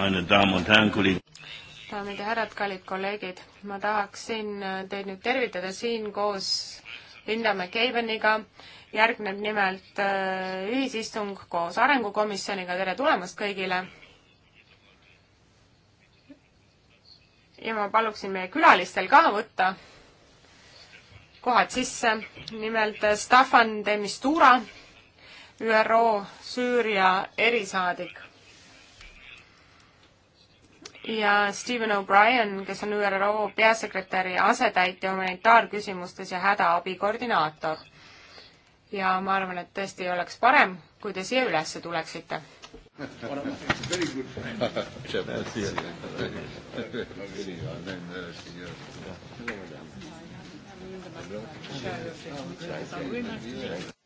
meine Damen und Herren, Kollegen. daamid ja härrad, kallid kolleegid, ma tahaksin teid nüüd tervitada siin koos Lindamäe Keiveniga. järgneb nimelt äh, ühisistung koos Arengukomisjoniga, tere tulemast kõigile. ja ma paluksin meie külalistel ka võtta kohad sisse, nimelt äh, Staffan de Mistura, ÜRO Süüria erisaadik ja Stephen O'Brien, kes on ÜRO peasekretäri asetäitja humanitaarküsimustes ja hädaabi koordinaator. ja ma arvan, et tõesti oleks parem, kui te siia üles tuleksite. Thank you.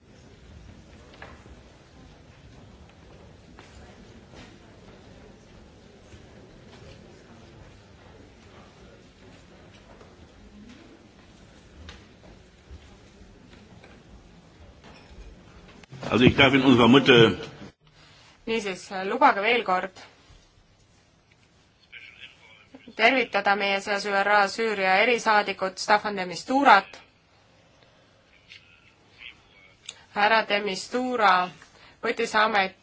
niisiis, lubage veel kord tervitada meie seas ÜRO Süüria erisaadikut Staffan de Misturat. härra de Mistura võttis amet,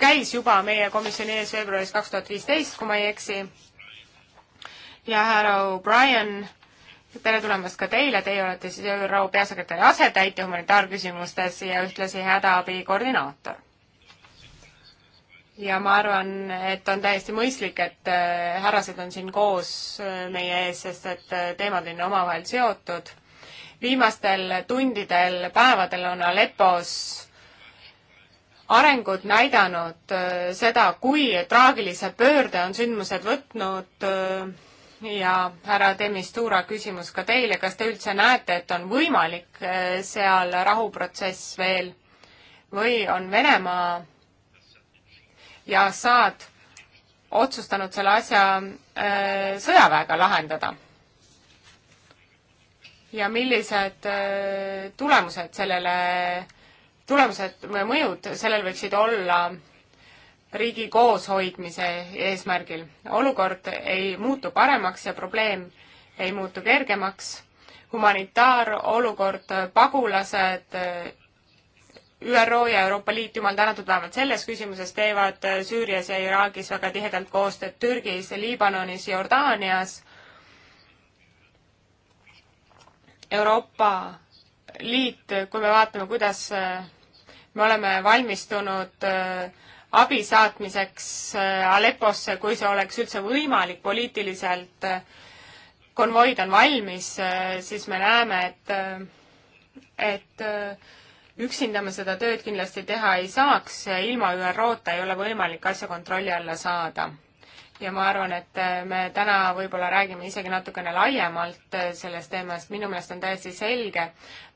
käis juba meie komisjoni ees veebruaris kaks tuhat viisteist, kui ma ei eksi. ja härra O'Brien tere tulemast ka teile, teie olete siis ÜRO peasekretäri asetäitja humanitaarküsimustes ja ühtlasi hädaabi koordinaator. ja ma arvan, et on täiesti mõistlik, et äh, härrased on siin koos äh, meie ees, sest et äh, teemad on omavahel seotud. viimastel tundidel, päevadel on Aleppos arengud näidanud seda, kui traagilise pöörde on sündmused võtnud ja härra Demistura, küsimus ka teile, kas te üldse näete, et on võimalik äh, seal rahuprotsess veel või on Venemaa ja Assad otsustanud selle asja äh, sõjaväega lahendada? ja millised äh, tulemused sellele, tulemused või mõjud sellel võiksid olla riigi kooshoidmise eesmärgil. olukord ei muutu paremaks ja probleem ei muutu kergemaks. humanitaarolukord, pagulased, ÜRO ja Euroopa Liit, jumal tänatud, vähemalt selles küsimuses teevad Süürias ja Iraagis väga tihedalt koostööd Türgis, Liibanonis, Jordaanias. Euroopa Liit, kui me vaatame, kuidas me oleme valmistunud äh, abi saatmiseks äh, Alepposse, kui see oleks üldse võimalik poliitiliselt. Äh, konvoid on valmis, äh, siis me näeme, et, et üksinda me seda tööd kindlasti teha ei saaks, ilma ÜRO-ta ei ole võimalik asja kontrolli alla saada. ja ma arvan, et me täna võib-olla räägime isegi natukene laiemalt sellest teemast, minu meelest on täiesti selge,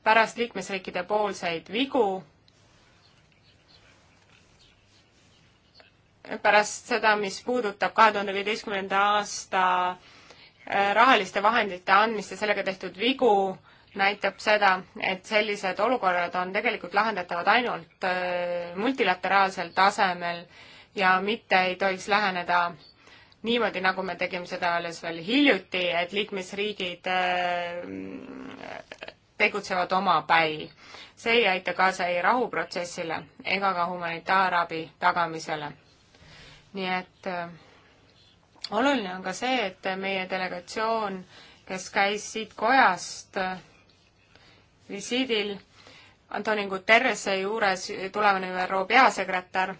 pärast liikmesriikide poolseid vigu pärast seda, mis puudutab kahe tuhande viieteistkümnenda aasta äh, rahaliste vahendite andmist ja sellega tehtud vigu, näitab seda, et sellised olukorrad on tegelikult lahendatavad ainult äh, multilateraalsel tasemel ja mitte ei tohiks läheneda niimoodi, nagu me tegime seda alles veel hiljuti, et liikmesriigid äh, tegutsevad omapäi. see ei aita kaasa ei rahuprotsessile ega ka humanitaarabi tagamisele nii et äh, oluline on ka see, et meie delegatsioon, kes käis siit kojast äh, visiidil Antonin Guterrese juures, tulevane ÜRO peasekretär,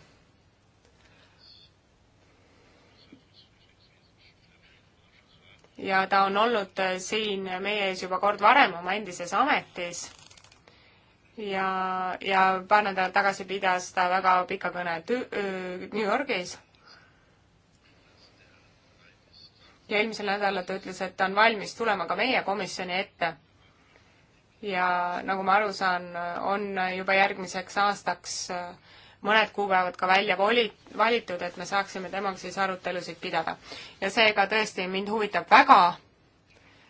ja ta on olnud äh, siin meie ees juba kord varem oma endises ametis ja, ja paar nädalat tagasi pidas ta väga pika kõne New Yorgis ja eelmisel nädalal ta ütles, et ta on valmis tulema ka meie komisjoni ette. ja nagu ma aru saan, on juba järgmiseks aastaks äh, mõned kuupäevad ka välja voli-, valitud, et me saaksime temaga siis arutelusid pidada. ja seega tõesti mind huvitab väga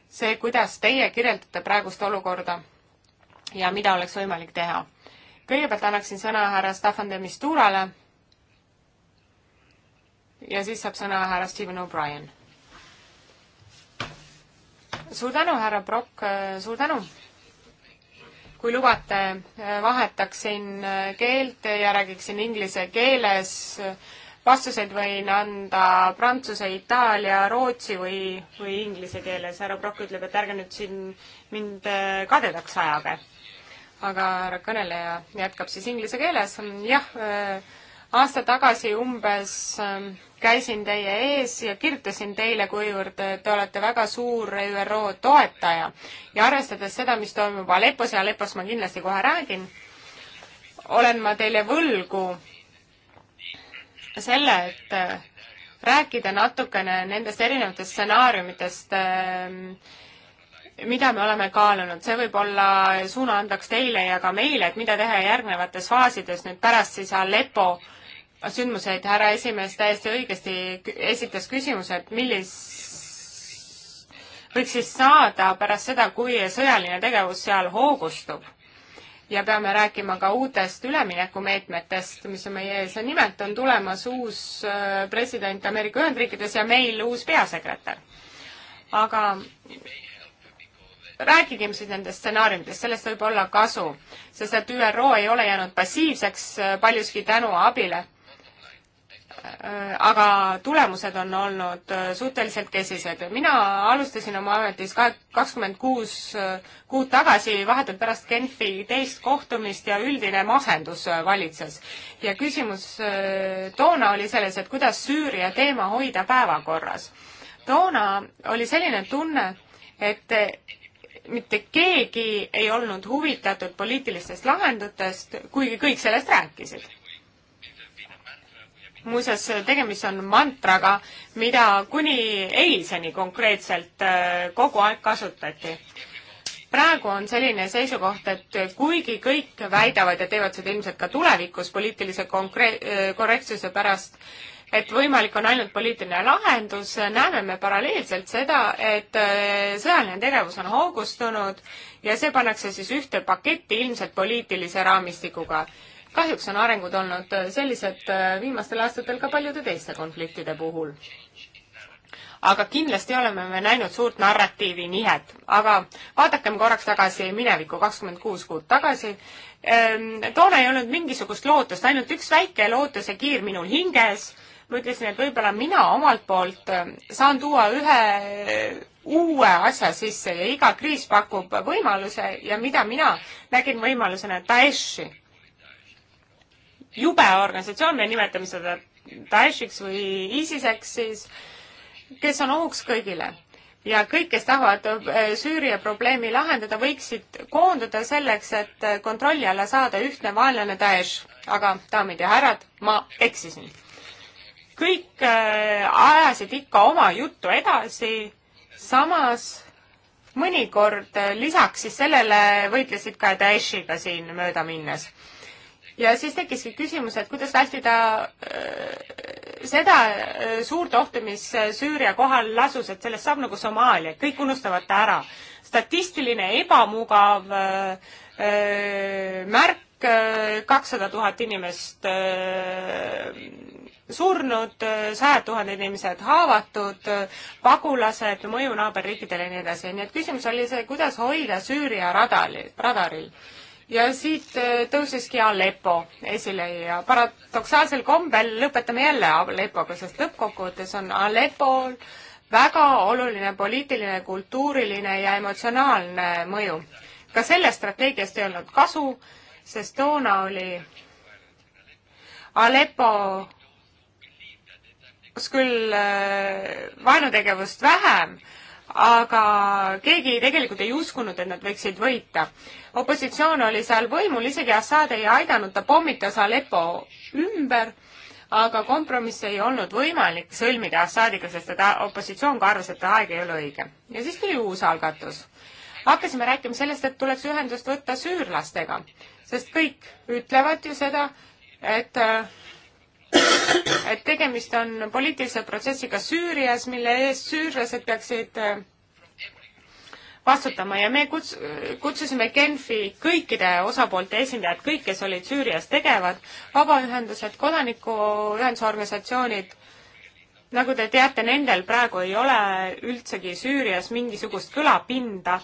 see, kuidas teie kirjeldate praegust olukorda ja mida oleks võimalik teha. kõigepealt annaksin sõna härra Staffan de Misturale ja siis saab sõna härra Stephen O'Brien suur tänu, härra Brock, äh, suur tänu! kui lubate, äh, vahetaksin äh, keelt ja räägiksin inglise keeles. vastuseid võin anda prantsuse, itaalia, rootsi või, või inglise keeles. härra Brock ütleb, et ärge nüüd siin mind kadedaks ajage. aga härra kõneleja jätkab siis inglise keeles. jah äh,, aasta tagasi umbes ähm, käisin teie ees ja kirjutasin teile, kuivõrd äh, te olete väga suur ÜRO toetaja ja arvestades seda, mis toimub Aleppos ja Aleppos ma kindlasti kohe räägin, olen ma teile võlgu selle, et äh, rääkida natukene nendest erinevatest stsenaariumitest, ähm, mida me oleme kaalunud, see võib olla suunaandlaks teile ja ka meile, et mida teha järgnevates faasides nüüd pärast siis Aleppo äh, sündmuseid, härra esimees täiesti õigesti esitas küsimuse, et millis võiks siis saada pärast seda, kui sõjaline tegevus seal hoogustub. ja peame rääkima ka uutest üleminekumeetmetest, mis on meie ees ja nimelt on tulemas uus äh, president Ameerika Ühendriikides ja meil uus peasekretär. aga rääkigem siis nendest stsenaariumidest, sellest võib olla kasu, sest et ÜRO ei ole jäänud passiivseks äh, paljuski tänu abile Äh, aga tulemused on olnud äh, suhteliselt kesised. mina alustasin oma ametis kakskümmend kuus äh, kuud tagasi, vahetult pärast Genfi teist kohtumist ja üldine masendus valitses. ja küsimus toona oli selles, et kuidas Süüria teema hoida päevakorras. toona oli selline tunne, et mitte keegi ei olnud huvitatud poliitilistest lahendutest, kuigi kõik sellest rääkisid muuseas, tegemist on mantraga, mida kuni eilseni konkreetselt äh, kogu aeg kasutati. praegu on selline seisukoht, et kuigi kõik väidavad ja teevad seda ilmselt ka tulevikus poliitilise konkre-, äh, korrektsuse pärast, et võimalik on ainult poliitiline lahendus, näeme me paralleelselt seda, et äh, sõjaline tegevus on hoogustunud ja see pannakse siis ühte paketti ilmselt poliitilise raamistikuga kahjuks on arengud olnud äh, sellised äh, viimastel aastatel ka paljude teiste konfliktide puhul. aga kindlasti oleme me näinud suurt narratiivi nihet, aga vaadakem korraks tagasi minevikku, kakskümmend kuus kuud tagasi. Ehm, toona ei olnud mingisugust lootust, ainult üks väike lootuse kiir minul hinges. ma ütlesin, et võib-olla mina omalt poolt ehm, saan tuua ühe äh, uue asja sisse ja iga kriis pakub võimaluse ja mida mina nägin võimalusena Daeshi jube organisatsioon, me nimetame seda Daeshiks või ISISeks siis, kes on ohuks kõigile. ja kõik, kes tahavad eh, Süüria probleemi lahendada, võiksid koonduda selleks, et eh, kontrolli alla saada ühtne vaenlane Daesh. aga daamid ja härrad, ma eksisin. kõik eh, ajasid ikka oma juttu edasi, samas mõnikord lisaks siis sellele võitlesid ka Daeshiga siin mööda minnes ja siis tekkiski küsimus, et kuidas vältida äh, seda äh, suurt ohtu, mis äh, Süüria kohal lasus, et sellest saab nagu Somaalia, kõik unustavad ta ära. statistiline ebamugav öö, märk, kakssada tuhat inimest öö, surnud, sajad tuhanded inimesed haavatud, pagulased, mõju naaberriikidele ja nii edasi, nii et küsimus oli see, kuidas hoida Süüria radali, radaril ja siit eh, tõusiski Aleppo esile ja paradoksaalsel kombel lõpetame jälle Aleppoga, sest lõppkokkuvõttes on Aleppol väga oluline poliitiline, kultuuriline ja emotsionaalne mõju. ka sellest strateegiast ei olnud kasu, sest toona oli Aleppo kus küll eh, vaenutegevust vähem, aga keegi tegelikult ei uskunud, et nad võiksid võita. opositsioon oli seal võimul, isegi Assad ei aidanud, ta pommitas Aleppo ümber, aga kompromissi ei olnud võimalik sõlmida Assadiga, sest et opositsioon ka arvas, et aeg ei ole õige. ja siis tuli uus algatus. hakkasime rääkima sellest, et tuleks ühendust võtta süürlastega, sest kõik ütlevad ju seda, et äh, et tegemist on poliitilise protsessiga Süürias, mille eest süürlased peaksid äh, vastutama ja me kuts-, kutsusime Genfi kõikide osapoolte esindajad, kõik, kes olid Süürias tegevad, vabaühendused, kodanikuühenduse organisatsioonid, nagu te teate, nendel praegu ei ole üldsegi Süürias mingisugust kõlapinda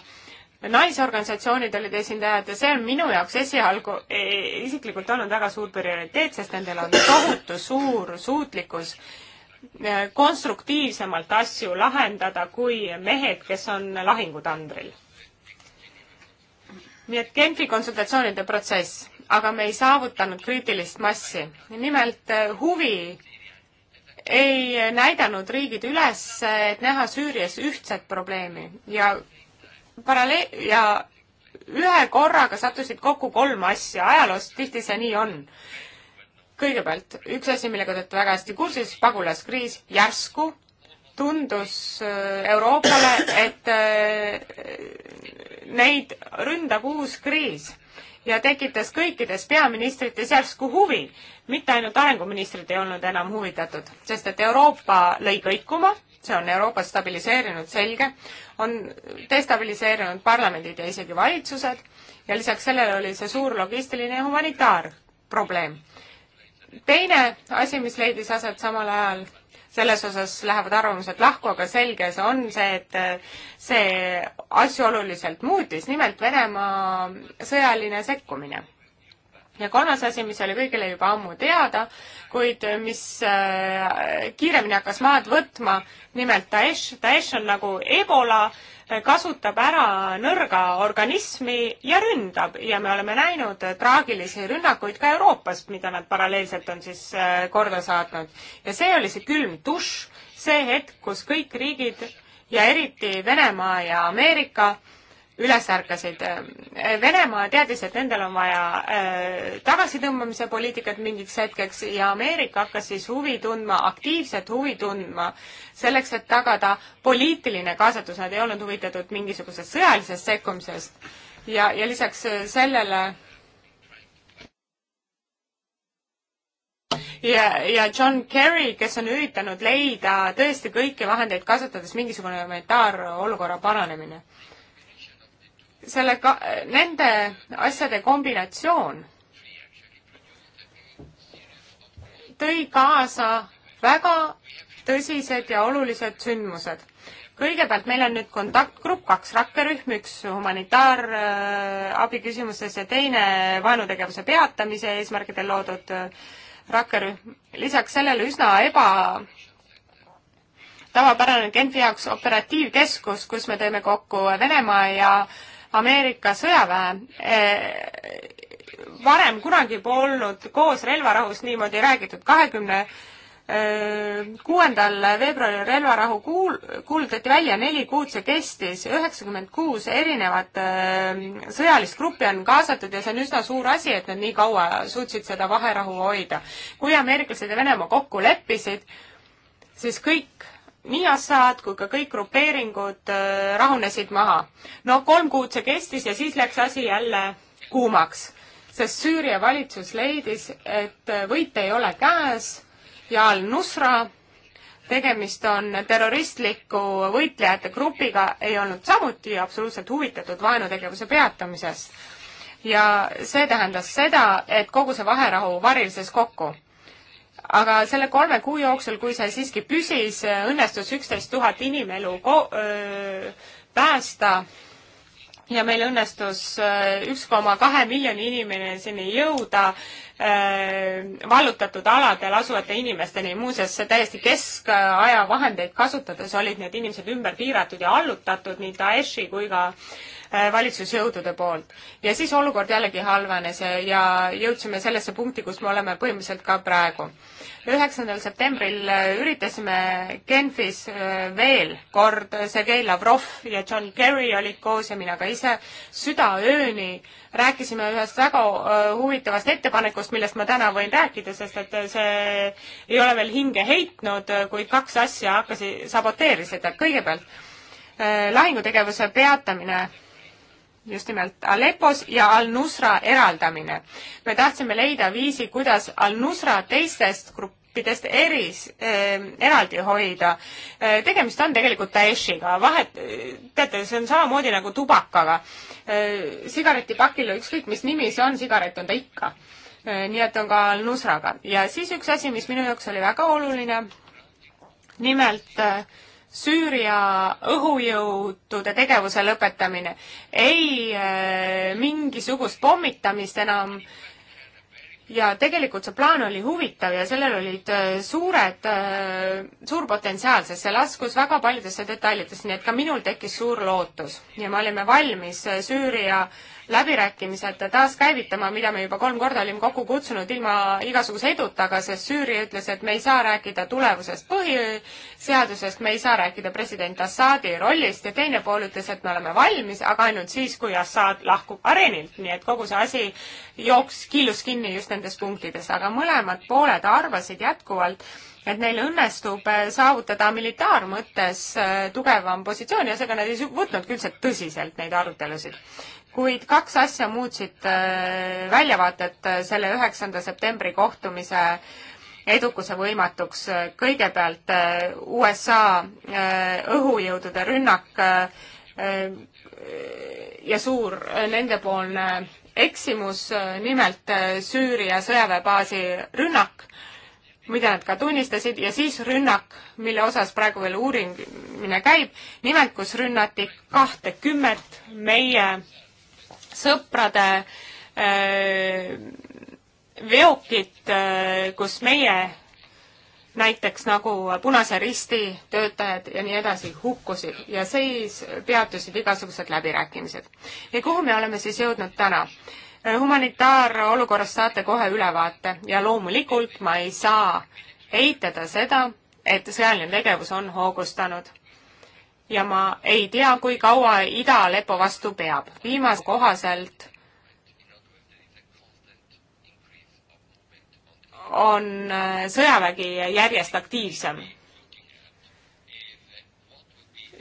naisorganisatsioonid olid esindajad ja see on minu jaoks esialgu e, isiklikult olnud väga suur prioriteet, sest nendel on tohutu suur suutlikkus e, konstruktiivsemalt asju lahendada kui mehed, kes on lahingutandril. nii et Genfi konsultatsioonide protsess, aga me ei saavutanud kriitilist massi. nimelt e, huvi ei näidanud riigid üles, et näha Süürias ühtset probleemi ja paralleel- ja ühe korraga sattusid kokku kolm asja, ajaloos tihti see nii on. kõigepealt üks asi, millega te olete väga hästi kursis, pagulaskriis järsku tundus äh, Euroopale, et äh, neid ründab uus kriis ja tekitas kõikides peaministrites järsku huvi. mitte ainult arenguministrid ei olnud enam huvitatud, sest et Euroopa lõi kõikuma see on Euroopat stabiliseerinud, selge, on destabiliseerinud parlamendid ja isegi valitsused ja lisaks sellele oli see suur logistiline ja humanitaarprobleem. teine asi, mis leidis aset samal ajal, selles osas lähevad arvamused lahku, aga selge see on see, et äh, see asju oluliselt muutis, nimelt Venemaa sõjaline sekkumine ja kolmas asi, mis oli kõigile juba ammu teada, kuid äh, mis äh, kiiremini hakkas maad võtma, nimelt Daesh. Daesh on nagu ebola, äh, kasutab ära nõrga organismi ja ründab ja me oleme näinud traagilisi rünnakuid ka Euroopas, mida nad paralleelselt on siis korda saatnud. ja see oli see külm dušš, see hetk, kus kõik riigid ja eriti Venemaa ja Ameerika üles ärkasid. Venemaa teadis, et nendel on vaja äh, tagasitõmbamise poliitikat mingiks hetkeks ja Ameerika hakkas siis huvi tundma, aktiivset huvi tundma selleks, et tagada poliitiline kaasatus, nad ei olnud huvitatud mingisugusest sõjalisest sekkumisest. ja, ja lisaks äh, sellele ja, ja John Kerry, kes on üritanud leida tõesti kõiki vahendeid kasutades mingisugune humanitaarolukorra paranemine selle ka-, nende asjade kombinatsioon tõi kaasa väga tõsised ja olulised sündmused. kõigepealt meil on nüüd kontaktgrupp, kaks rakkerühm, üks humanitaarabi äh, küsimustes ja teine vaenutegevuse peatamise eesmärgidel loodud äh, rakkerühm. lisaks sellele üsna eba tavapärane Genfi jaoks operatiivkeskus, kus me teeme kokku Venemaa ja äh, Ameerika sõjaväe eh, varem kunagi polnud koos relvarahust niimoodi räägitud. kahekümne eh, kuuendal veebruaril relvarahu kuul-, kuulutati välja, neli kuud see kestis, üheksakümmend kuus erinevat eh, sõjalist gruppi on kaasatud ja see on üsna suur asi, et nad nii kaua suutsid seda vaherahu hoida. kui ameeriklased ja Venemaa kokku leppisid, siis kõik nii Assad kui ka kõik grupeeringud äh, rahunesid maha. no kolm kuud see kestis ja siis läks asi jälle kuumaks, sest Süüria valitsus leidis, et äh, võit ei ole käes ja al-Nusra, tegemist on terroristliku võitlejate grupiga, ei olnud samuti absoluutselt huvitatud vaenutegevuse peatamisest. ja see tähendas seda, et kogu see vaherahu varises kokku aga selle kolme kuu jooksul, kui see siiski püsis, õnnestus üksteist tuhat inimelu ko-, öö, päästa ja meil õnnestus üks koma kahe miljoni inimeseni jõuda vallutatud aladel asuvate inimesteni. muuseas, täiesti keskaja vahendeid kasutades olid need inimesed ümber piiratud ja allutatud nii Daeshi kui ka äh, Äh, valitsusjõudude poolt. ja siis olukord jällegi halvenes ja, ja jõudsime sellesse punkti, kus me oleme põhimõtteliselt ka praegu. üheksandal septembril äh, üritasime Genfis äh, veel kord, Sergei Lavrov ja John Kerry olid koos ja mina ka ise südaööni rääkisime ühest väga huvitavast ettepanekust, millest ma täna võin rääkida, sest et see ei ole veel hinge heitnud, kuid kaks asja hakkasid, saboteerisid. kõigepealt lahingutegevuse peatamine just nimelt Aleppos ja Al-Nusra eraldamine. me tahtsime leida viisi, kuidas Al-Nusra teistest gruppidest eris äh,, ehm, eraldi hoida äh,. tegemist on tegelikult Daeshiga, vahet, teate, see on samamoodi nagu tubakaga äh,. sigaretipakil, ükskõik mis nimi see on, sigaret on ta ikka äh,. nii et on ka Al-Nusraga ja siis üks asi, mis minu jaoks oli väga oluline, nimelt äh, Süüria õhujõudude tegevuse lõpetamine, ei äh, mingisugust pommitamist enam ja tegelikult see plaan oli huvitav ja sellel olid äh, suured, äh, suur potentsiaal, sest see laskus väga paljudesse detailidesse, nii et ka minul tekkis suur lootus ja me olime valmis Süüria äh, läbirääkimised taaskäivitama, mida me juba kolm korda olime kokku kutsunud ilma igasuguse eduta, aga sest Süüria ütles, et me ei saa rääkida tulevusest põhiseadusest, me ei saa rääkida president Assaadi rollist ja teine pool ütles, et me oleme valmis, aga ainult siis, kui Assad lahkub areenilt, nii et kogu see asi jooks killus kinni just nendes punktides, aga mõlemad pooled arvasid jätkuvalt, et neil õnnestub äh, saavutada militaarmõttes äh, tugevam positsioon ja seega nad ei võtnudki üldse tõsiselt neid arutelusid kuid kaks asja muutsid äh, väljavaatet äh, selle üheksanda septembri kohtumise edukuse võimatuks. kõigepealt äh, USA õhujõudude rünnak ja suur nendepoolne eksimus, nimelt Süüria sõjaväebaasi rünnak, mida nad ka tunnistasid, ja siis rünnak, mille osas praegu veel uurimine käib, nimelt kus rünnati kahtekümmet meie sõprade äh, veokit, äh, kus meie näiteks nagu Punase Risti töötajad ja nii edasi hukkusid ja siis peatusid igasugused läbirääkimised. ja kuhu me oleme siis jõudnud täna? Äh, humanitaarolukorrast saate kohe ülevaate ja loomulikult ma ei saa eitada seda, et sõjaline tegevus on hoogustanud ja ma ei tea, kui kaua ida lepo vastu peab. viimase kohaselt on äh, sõjavägi järjest aktiivsem.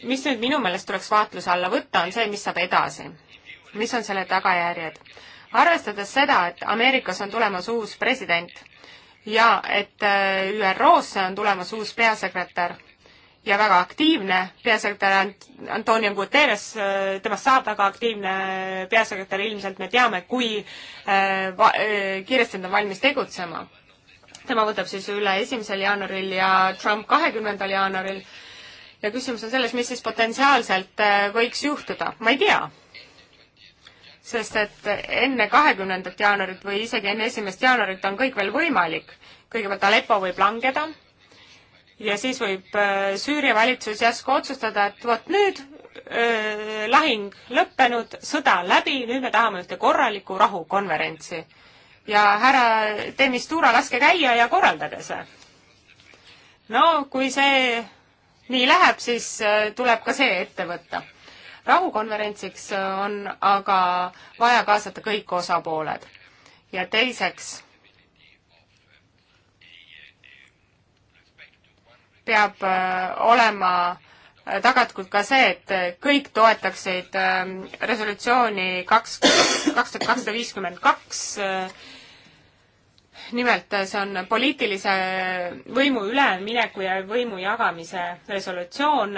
mis nüüd minu meelest tuleks vaatluse alla võtta, on see, mis saab edasi. mis on selle tagajärjed? arvestades seda, et Ameerikas on tulemas uus president ja et äh, ÜRO-sse on tulemas uus peasekretär ja väga aktiivne peasekretär Antonio Guterres, äh, temast saab väga aktiivne peasekretär, ilmselt me teame, kui äh, va-, äh, kiiresti ta on valmis tegutsema. tema võtab siis üle esimesel jaanuaril ja Trump kahekümnendal jaanuaril ja küsimus on selles, mis siis potentsiaalselt võiks juhtuda, ma ei tea. sest et enne kahekümnendat jaanuarit või isegi enne esimest jaanuarit on kõik veel võimalik. kõigepealt Aleppo võib langeda ja siis võib äh, Süüria valitsus järsku otsustada, et vot nüüd öö, äh, lahing lõppenud, sõda läbi, nüüd me tahame ühte korralikku rahukonverentsi. ja härra Demistura, laske käia ja korraldage see. no kui see nii läheb, siis äh, tuleb ka see ette võtta. rahukonverentsiks on aga vaja kaasata kõik osapooled. ja teiseks peab äh, olema äh, tagatud ka see, et äh, kõik toetaksid resolutsiooni kaks, kaks tuhat kakssada viiskümmend kaks. nimelt see on poliitilise võimu ülemineku ja võimu jagamise resolutsioon,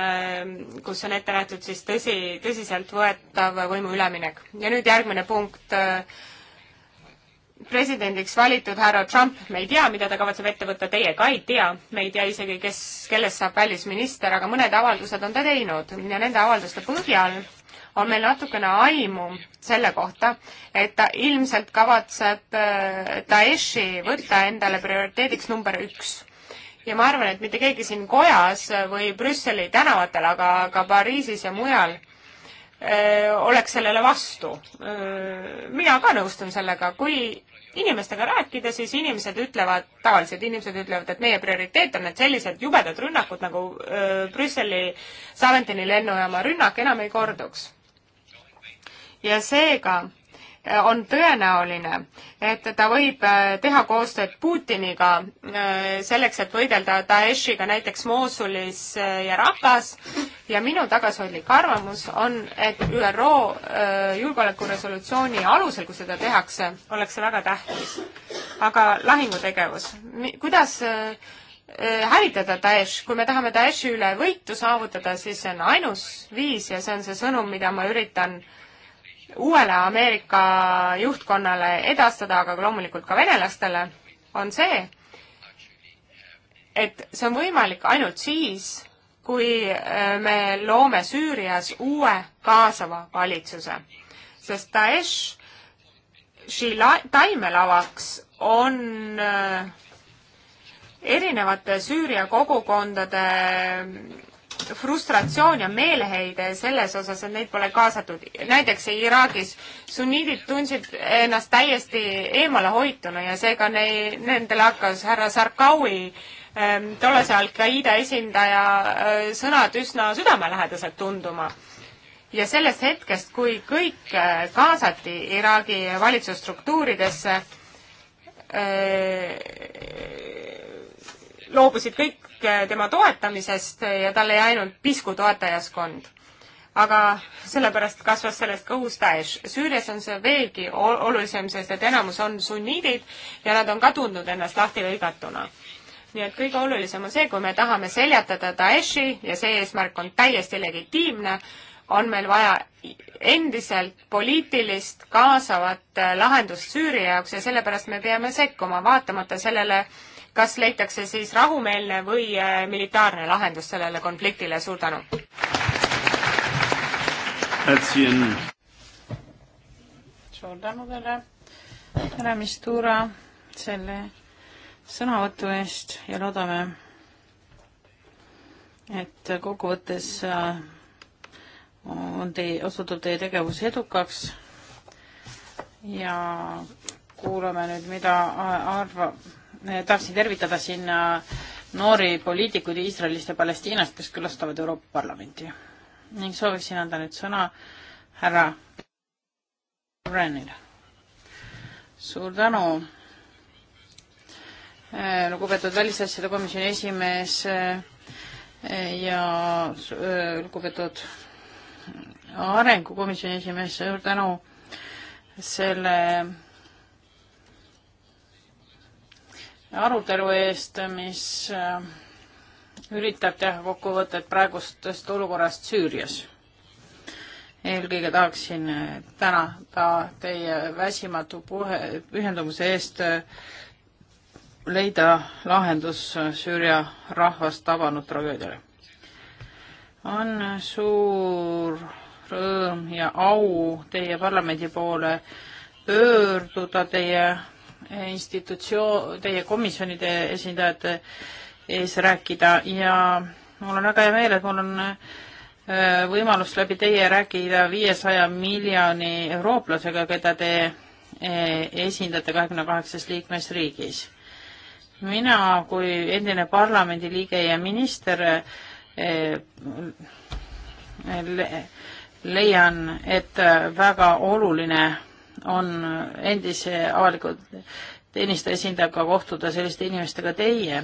kus on ette nähtud siis tõsi, tõsiseltvõetav võimu üleminek. ja nüüd järgmine punkt presidendiks valitud härra Trump, me ei tea, mida ta kavatseb ette võtta, teie ka ei tea, me ei tea isegi, kes, kellest saab välisminister, aga mõned avaldused on ta teinud ja nende avalduste põhjal on meil natukene aimu selle kohta, et ta ilmselt kavatseb äh, Daeshi võtta endale prioriteediks number üks. ja ma arvan, et mitte keegi siin kojas või Brüsseli tänavatel, aga ka Pariisis ja mujal Äh, oleks sellele vastu. Äh, mina ka nõustun sellega, kui inimestega rääkida, siis inimesed ütlevad, tavalised inimesed ütlevad, et meie prioriteet on, et sellised jubedad rünnakud nagu öö, äh, Brüsseli Saventini lennujaama rünnak enam ei korduks. ja seega on tõenäoline, et ta võib äh, teha koostööd Putiniga äh, selleks, et võidelda Daeshiga näiteks Moosulis äh, ja Rakas ja minu tagasihoidlik arvamus on, et ÜRO julgeolekuresolutsiooni alusel, kui seda tehakse, oleks see väga tähtis. aga lahingutegevus, kuidas hävitada Daesh, kui me tahame Daeshi üle võitu saavutada, siis see on ainus viis ja see on see sõnum, mida ma üritan äh, uuele Ameerika juhtkonnale edastada, aga loomulikult ka venelastele, on see, et see on võimalik ainult siis, kui äh, me loome Süürias uue kaasava valitsuse, sest Daesh taimelavaks on äh, erinevate Süüria kogukondade frustratsioon ja meeleheide selles osas, et neid pole kaasatud. näiteks Iraagis sunniidid tundsid ennast täiesti eemalehoituna ja seega nei-, nendele hakkas härra Sarkawi ähm, tollase Al-Qaeda esindaja äh, sõnad üsna südamelähedased tunduma. ja sellest hetkest, kui kõik äh, kaasati Iraagi valitsusstruktuuridesse, äh, loobusid kõik eh, tema toetamisest ja talle jäi ainult pisku toetajaskond. aga sellepärast kasvas sellest kõhus Daesh. Süürias on see veelgi olulisem, sest et enamus on sunniidid ja nad on ka tundnud ennast lahtilõigatuna nii et kõige olulisem on see, kui me tahame seljatada Daeshi ja see eesmärk on täiesti legitiimne, on meil vaja endiselt poliitilist kaasavat eh, lahendust Süüria jaoks ja sellepärast me peame sekkuma, vaatamata sellele, kas leitakse siis rahumeelne või äh, militaarne lahendus sellele konfliktile, suur tänu! suur tänu teile, härra Mistura, selle sõnavõtu eest ja loodame, et kokkuvõttes äh, on teie, osutub teie tegevus edukaks ja kuulame nüüd, mida äh, arvab tahtsin tervitada sinna äh, noori poliitikuid Iisraelist ja Palestiinast, kes külastavad Euroopa Parlamenti. ning sooviksin anda nüüd sõna härra Brennile. suur tänu, äh, lugupeetud välisasjade komisjoni esimees äh, ja lugupeetud arengukomisjoni esimees, suur tänu selle arutelu eest, mis äh, üritab teha kokkuvõtet praegustest olukorrast Süürias. eelkõige tahaksin äh, tänada ta teie väsimatu puhe, pühendumuse eest äh, leida lahendus Süüria rahvast tabanud tragöödiale. on suur rõõm ja au teie parlamendi poole pöörduda teie institutsioon, teie komisjonide esindajate ees rääkida ja mul on väga hea meel, et mul on äh, võimalus läbi teie rääkida viiesaja miljoni eurooplasega, keda te äh, esindate kahekümne kaheksas liikmesriigis. mina kui endine parlamendiliige ja minister äh, leian, et väga oluline on endise avaliku teenistaja esindajaga kohtuda selliste inimestega teie.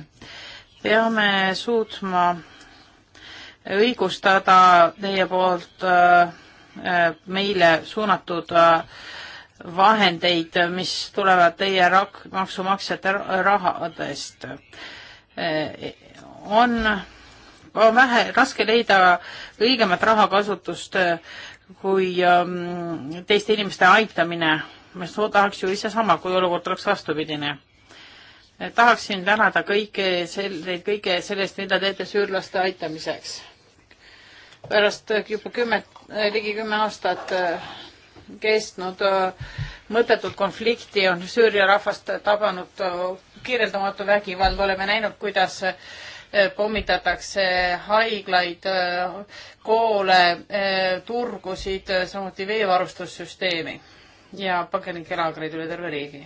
peame suutma õigustada teie poolt äh, meile suunatud äh, vahendeid, mis tulevad teie rak-, maksumaksjate rahadest. Äh, on, on vähe, raske leida õigemat rahakasutust kui ähm, teiste inimeste aitamine. ma tahaks ju ise sama, kui olukord oleks vastupidine. tahaksin tänada kõike sel-, teid kõige sellest, mida teete süürlaste aitamiseks. pärast äh, juba kümmet, äh, ligi kümme aastat äh, kestnud mõttetut konflikti on Süüria rahvast tabanud kirjeldamatu vägivald, oleme näinud, kuidas Äh, pommitatakse haiglaid, äh, koole, äh, turgusid, samuti veevarustussüsteemi ja põgenikelaagreid üle terve riigi.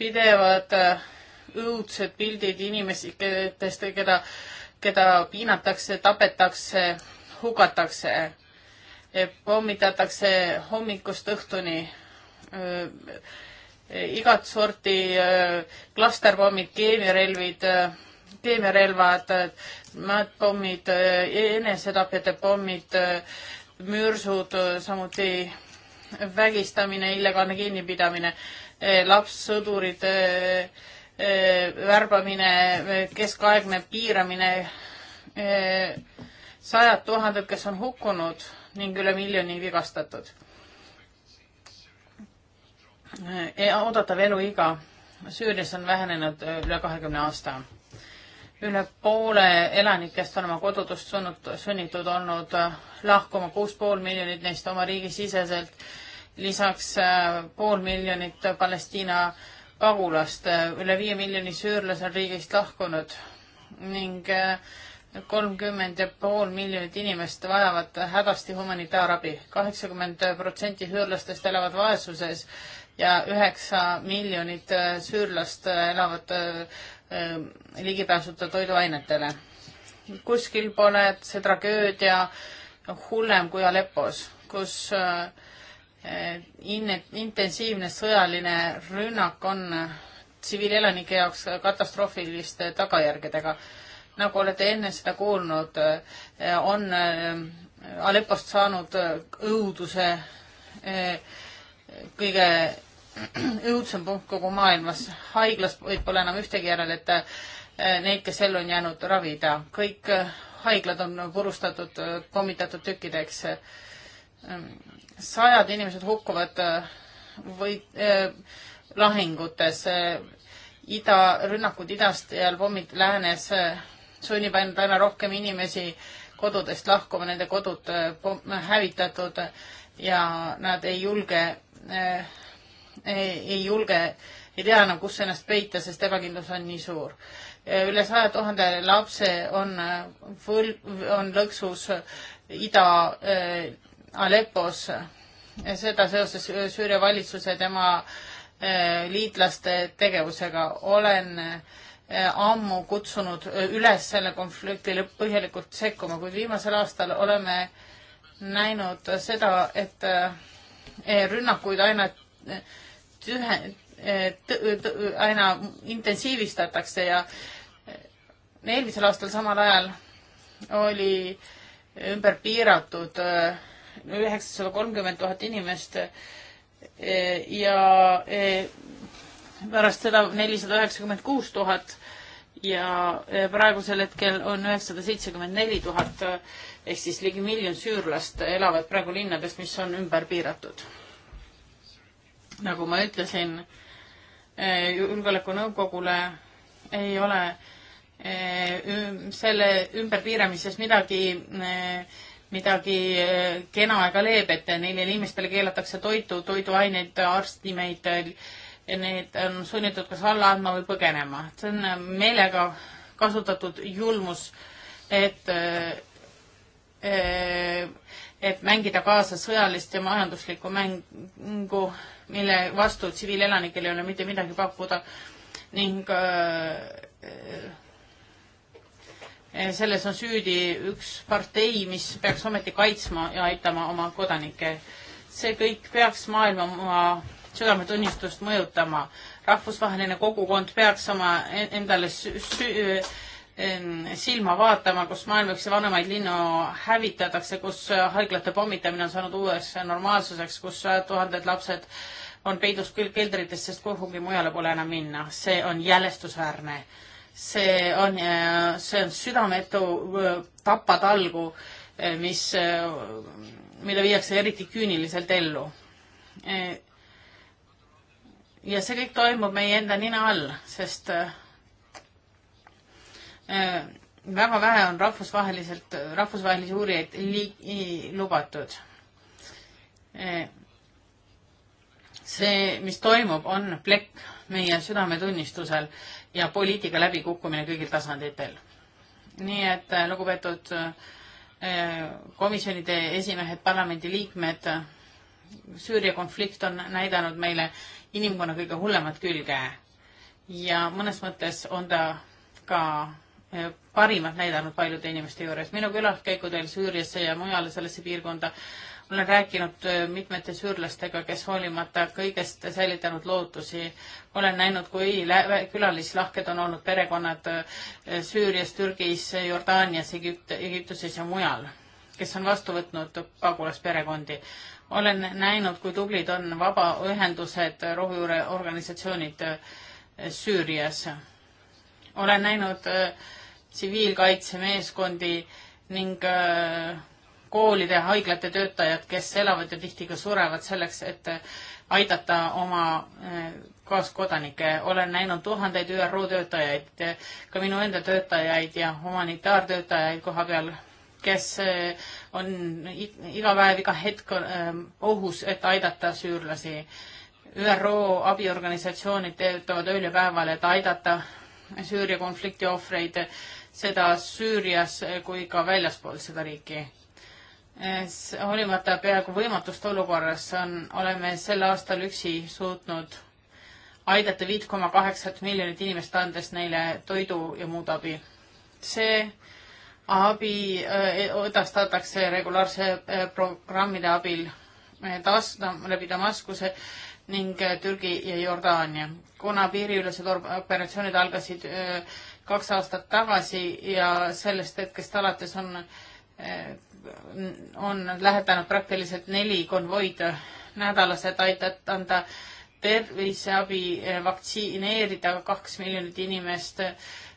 pidevad õudsed pildid inimestest, keda, keda piinatakse, tapetakse, hukatakse, pommitatakse hommikust õhtuni igat sorti klasterpommid, keemiarelvid keemiarelvad, maadpommid, enesetapjate pommid, mürsud, samuti vägistamine, illegaalne kinnipidamine, lapssõdurid, värbamine, keskaegne piiramine, sajad tuhanded, kes on hukkunud ning üle miljoni vigastatud. oodatav eluiga Süürias on vähenenud üle kahekümne aasta üle poole elanikest on oma kodudest sunnud, sunnitud olnud äh, lahkuma, kuus pool miljonit neist oma riigisiseselt, lisaks äh, pool miljonit Palestiina pagulast, äh, üle viie miljoni süürlase on riigist lahkunud ning kolmkümmend ja pool miljonit inimest vajavad hädasti humanitaarabi. kaheksakümmend protsenti süürlastest elavad vaesuses ja üheksa miljonit süürlast elavad Ähm, ligipääsuta toiduainetele. kuskil pole see tragöödia hullem kui Aleppos, kus äh, in-, intensiivne sõjaline rünnak on tsiviilelanike jaoks katastroofiliste tagajärgedega. nagu olete enne seda kuulnud, äh, on äh, Aleppost saanud õuduse kõige õudsem punkt kogu maailmas. haiglas võib-olla enam ühtegi järele, et äh, neid, kes ellu on jäänud, ravida. kõik äh, haiglad on purustatud, äh, pommitatud tükkideks. Ähm, sajad inimesed hukkuvad või eh, lahingutes. ida, rünnakud idast ja pommid läänes sunnib ainult aina rohkem inimesi kodudest lahkuma, nende kodud hävitatud ja nad ei julge eh, ei julge, ei tea enam, kus ennast peita, sest ebakindlus on nii suur. üle saja tuhande lapse on äh, võl-, on lõksus äh, ida äh, Aleppos, seda seoses äh, Süüria valitsuse tema äh, liitlaste tegevusega. olen äh, ammu kutsunud üles selle konflikti põhjalikult sekkuma, kuid viimasel aastal oleme näinud seda, et rünnakuid aina tühe, eh, aina intensiivistatakse ja eelmisel aastal samal ajal oli ümber piiratud eh, üheksasada kolmkümmend tuhat inimest eh, ja pärast seda nelisada üheksakümmend kuus tuhat ja praegusel hetkel on üheksasada seitsekümmend neli tuhat ehk siis ligi miljon süürlast elavad praegu linnades, mis on ümber piiratud nagu ma ütlesin, eh, julgeolekunõukogule ei ole eh, selle ümberpiiramises midagi, eh, midagi kena ega leebet, neile inimestele keelatakse toitu, toiduaineid, arstimeid, need on sunnitud kas alla andma või põgenema. see on meelega kasutatud julmus, et, et mängida kaasa sõjalist ja majanduslikku mängu mille vastu tsiviilelanikel ei ole mitte midagi pakkuda ning äh, äh, selles on süüdi üks partei, mis peaks ometi kaitsma ja aitama oma kodanikke. see kõik peaks maailma oma südametunnistust mõjutama. rahvusvaheline kogukond peaks oma endale äh, silma vaatama, kus maailma üks vanemaid linnu hävitatakse, kus haiglate pommitamine on saanud uueks normaalsuseks, kus tuhanded lapsed äh, on peidus küll keldrites, sest kuhugi mujale pole enam minna. see on jälestusväärne. see on, äh, see on südametu äh, tapatalgu, äh, mis, mida viiakse eriti küüniliselt ellu. ja see kõik toimub meie enda nina all, sest väga vähe on rahvusvaheliselt, rahvusvahelisi uurijaid li-, lubatud see, mis toimub, on plekk meie südametunnistusel ja poliitika läbikukkumine kõigil tasanditel. nii et äh, lugupeetud äh, komisjonide esimehed, parlamendiliikmed, Süüria konflikt on näidanud meile inimkonna kõige hullemat külge ja mõnes mõttes on ta ka äh, parimat näidanud paljude inimeste juures. minu külaskäikudel Süüriasse ja mujale sellesse piirkonda olen rääkinud äh, mitmete süürlastega, kes hoolimata kõigest säilitanud lootusi, olen näinud, kui külalislahked on olnud perekonnad äh, Süürias, Türgis, Jordaanias, Egüpt-, Egiptuses ja mujal, kes on vastu võtnud pagulasperekondi. olen näinud, kui tublid on vabaühendused, rohujuureorganisatsioonid äh, Süürias. olen näinud tsiviilkaitsemeeskondi ning äh, koolide ja haiglate töötajad, kes elavad ja tihti ka surevad selleks, et aidata oma eh, kaaskodanikke. olen näinud tuhandeid ÜRO töötajaid, ka minu enda töötajaid ja humanitaartöötajaid koha peal, kes eh, on iga päev, iga hetk eh, ohus, et aidata süürlasi. ÜRO abiorganisatsioonid töötavad ööl ja päeval, et aidata Süüria konflikti ohvreid, seda Süürias kui ka väljaspool seda riiki hoolimata peaaegu võimatust olukorras on, oleme sel aastal üksi suutnud aidata viit koma kaheksat miljonit inimest, andes neile toidu ja muud abi. see abi eh, edastatakse regulaarse eh, programmide abil eh, taas läbi Damaskuse ning Türgi ja Jordaania. kuna piiriülesed operatsioonid algasid öö, kaks aastat tagasi ja sellest hetkest alates on on lähetanud praktiliselt neli konvoid nädalas, et aidata anda terviseabi, eh, vaktsineerida kaks miljonit inimest,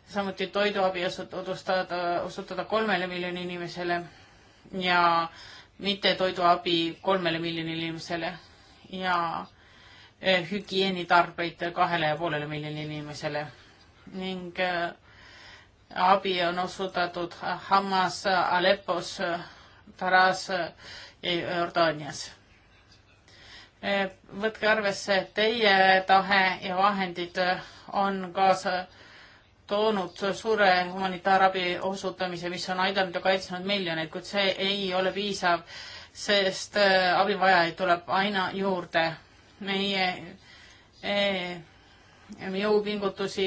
samuti toiduabi osutada, osutada kolmele miljonile inimesele ja mitte toiduabi kolmele miljonile inimesele ja eh, hügieenitarbeid kahele ja poolele miljonile inimesele ning eh, abi on osutatud Hamas, Aleppos, Taras ja Jordaanias. E, võtke arvesse, et teie tahe ja vahendid on kaasa toonud suure humanitaarabi osutamise, mis on aidanud ja kaitsnud miljoneid, kuid see ei ole piisav, sest e, abivajajaid tuleb aina juurde. meie e jõupingutusi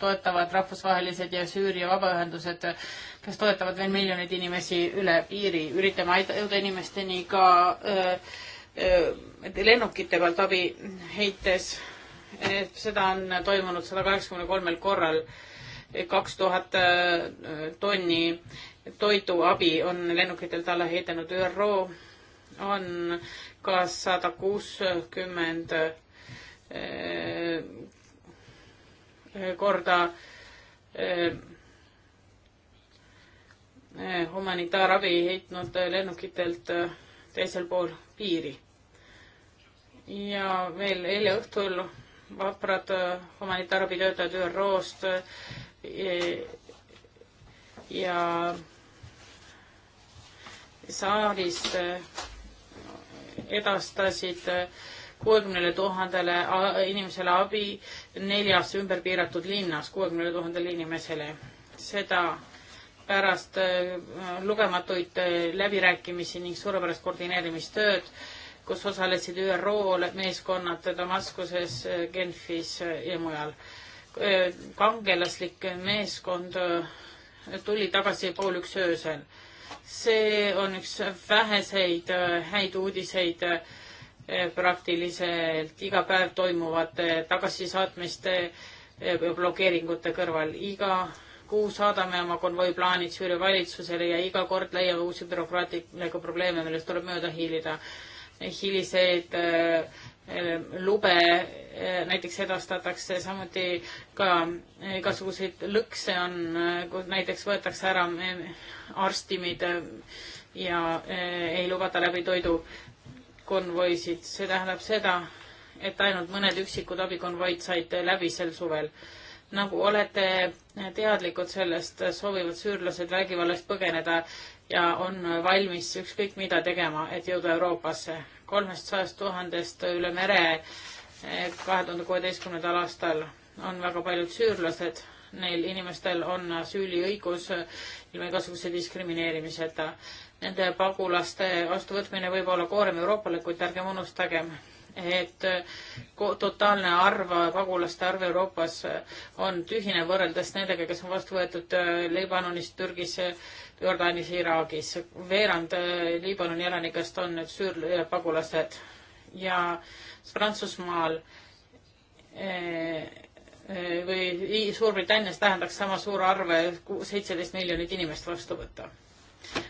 toetavad rahvusvahelised ja Süüria vabaühendused, kes toetavad veel miljoneid inimesi üle piiri. üritame jõuda inimesteni ka öö, äh, öö, äh, lennukite pealt abi heites. seda on toimunud sada kaheksakümne kolmel korral. kaks tuhat äh, tonni toiduabi on lennukitelt alla heidanud ÜRO on ka sada kuuskümmend korda eh, eh, humanitaarabi heitnud lennukitelt eh, teisel pool piiri. ja veel eile õhtul vaprad humanitaarabitöötajad ÜRO-st ja saarist edastasid kuuekümnele tuhandele inimesele abi neljas ümberpiiratud linnas kuuekümnele tuhandele inimesele. seda pärast äh, lugematuid äh, läbirääkimisi ning suurepärast koordineerimistööd, kus osalesid ÜRO meeskonnad Damaskuses, Genfis ja mujal. Äh, kangelaslik meeskond tuli tagasi pool üks öösel. see on üks väheseid häid uudiseid äh, Eh, praktiliselt iga päev toimuvate tagasisaatmiste eh, blokeeringute kõrval. iga kuu saadame oma konvoiplaanid Süüria valitsusele ja iga kord leiame uusi bürokraatlikke probleeme, millest tuleb mööda hiilida. hiliseid eh, lube näiteks edastatakse, samuti ka igasuguseid lõkse on, kus näiteks võetakse ära arstimid ja ei lubata läbi toidu abikonvoisid, see tähendab seda, et ainult mõned üksikud abikonvoid said läbi sel suvel. nagu olete teadlikud sellest, soovivad süürlased vägivallast põgeneda ja on valmis ükskõik mida tegema, et jõuda Euroopasse. kolmest sajast tuhandest üle mere eh, kahe tuhande kuueteistkümnendal aastal on väga paljud süürlased, neil inimestel on asüüliõigus ilma igasuguse diskrimineerimiseta nende pagulaste vastuvõtmine võib olla koorem Euroopale, kuid ärgem unustagem, et eh, totaalne arv, äh, pagulaste arv Euroopas äh, on tühine võrreldes nendega, kes on vastu võetud äh, Liibanonis, Türgis, Jordaanis, Iraagis. veerand Liibanoni elanikest on nüüd Süüria pagulased ja Prantsusmaal või Suurbritannias tähendaks sama suur arve seitseteist miljonit inimest vastu võtta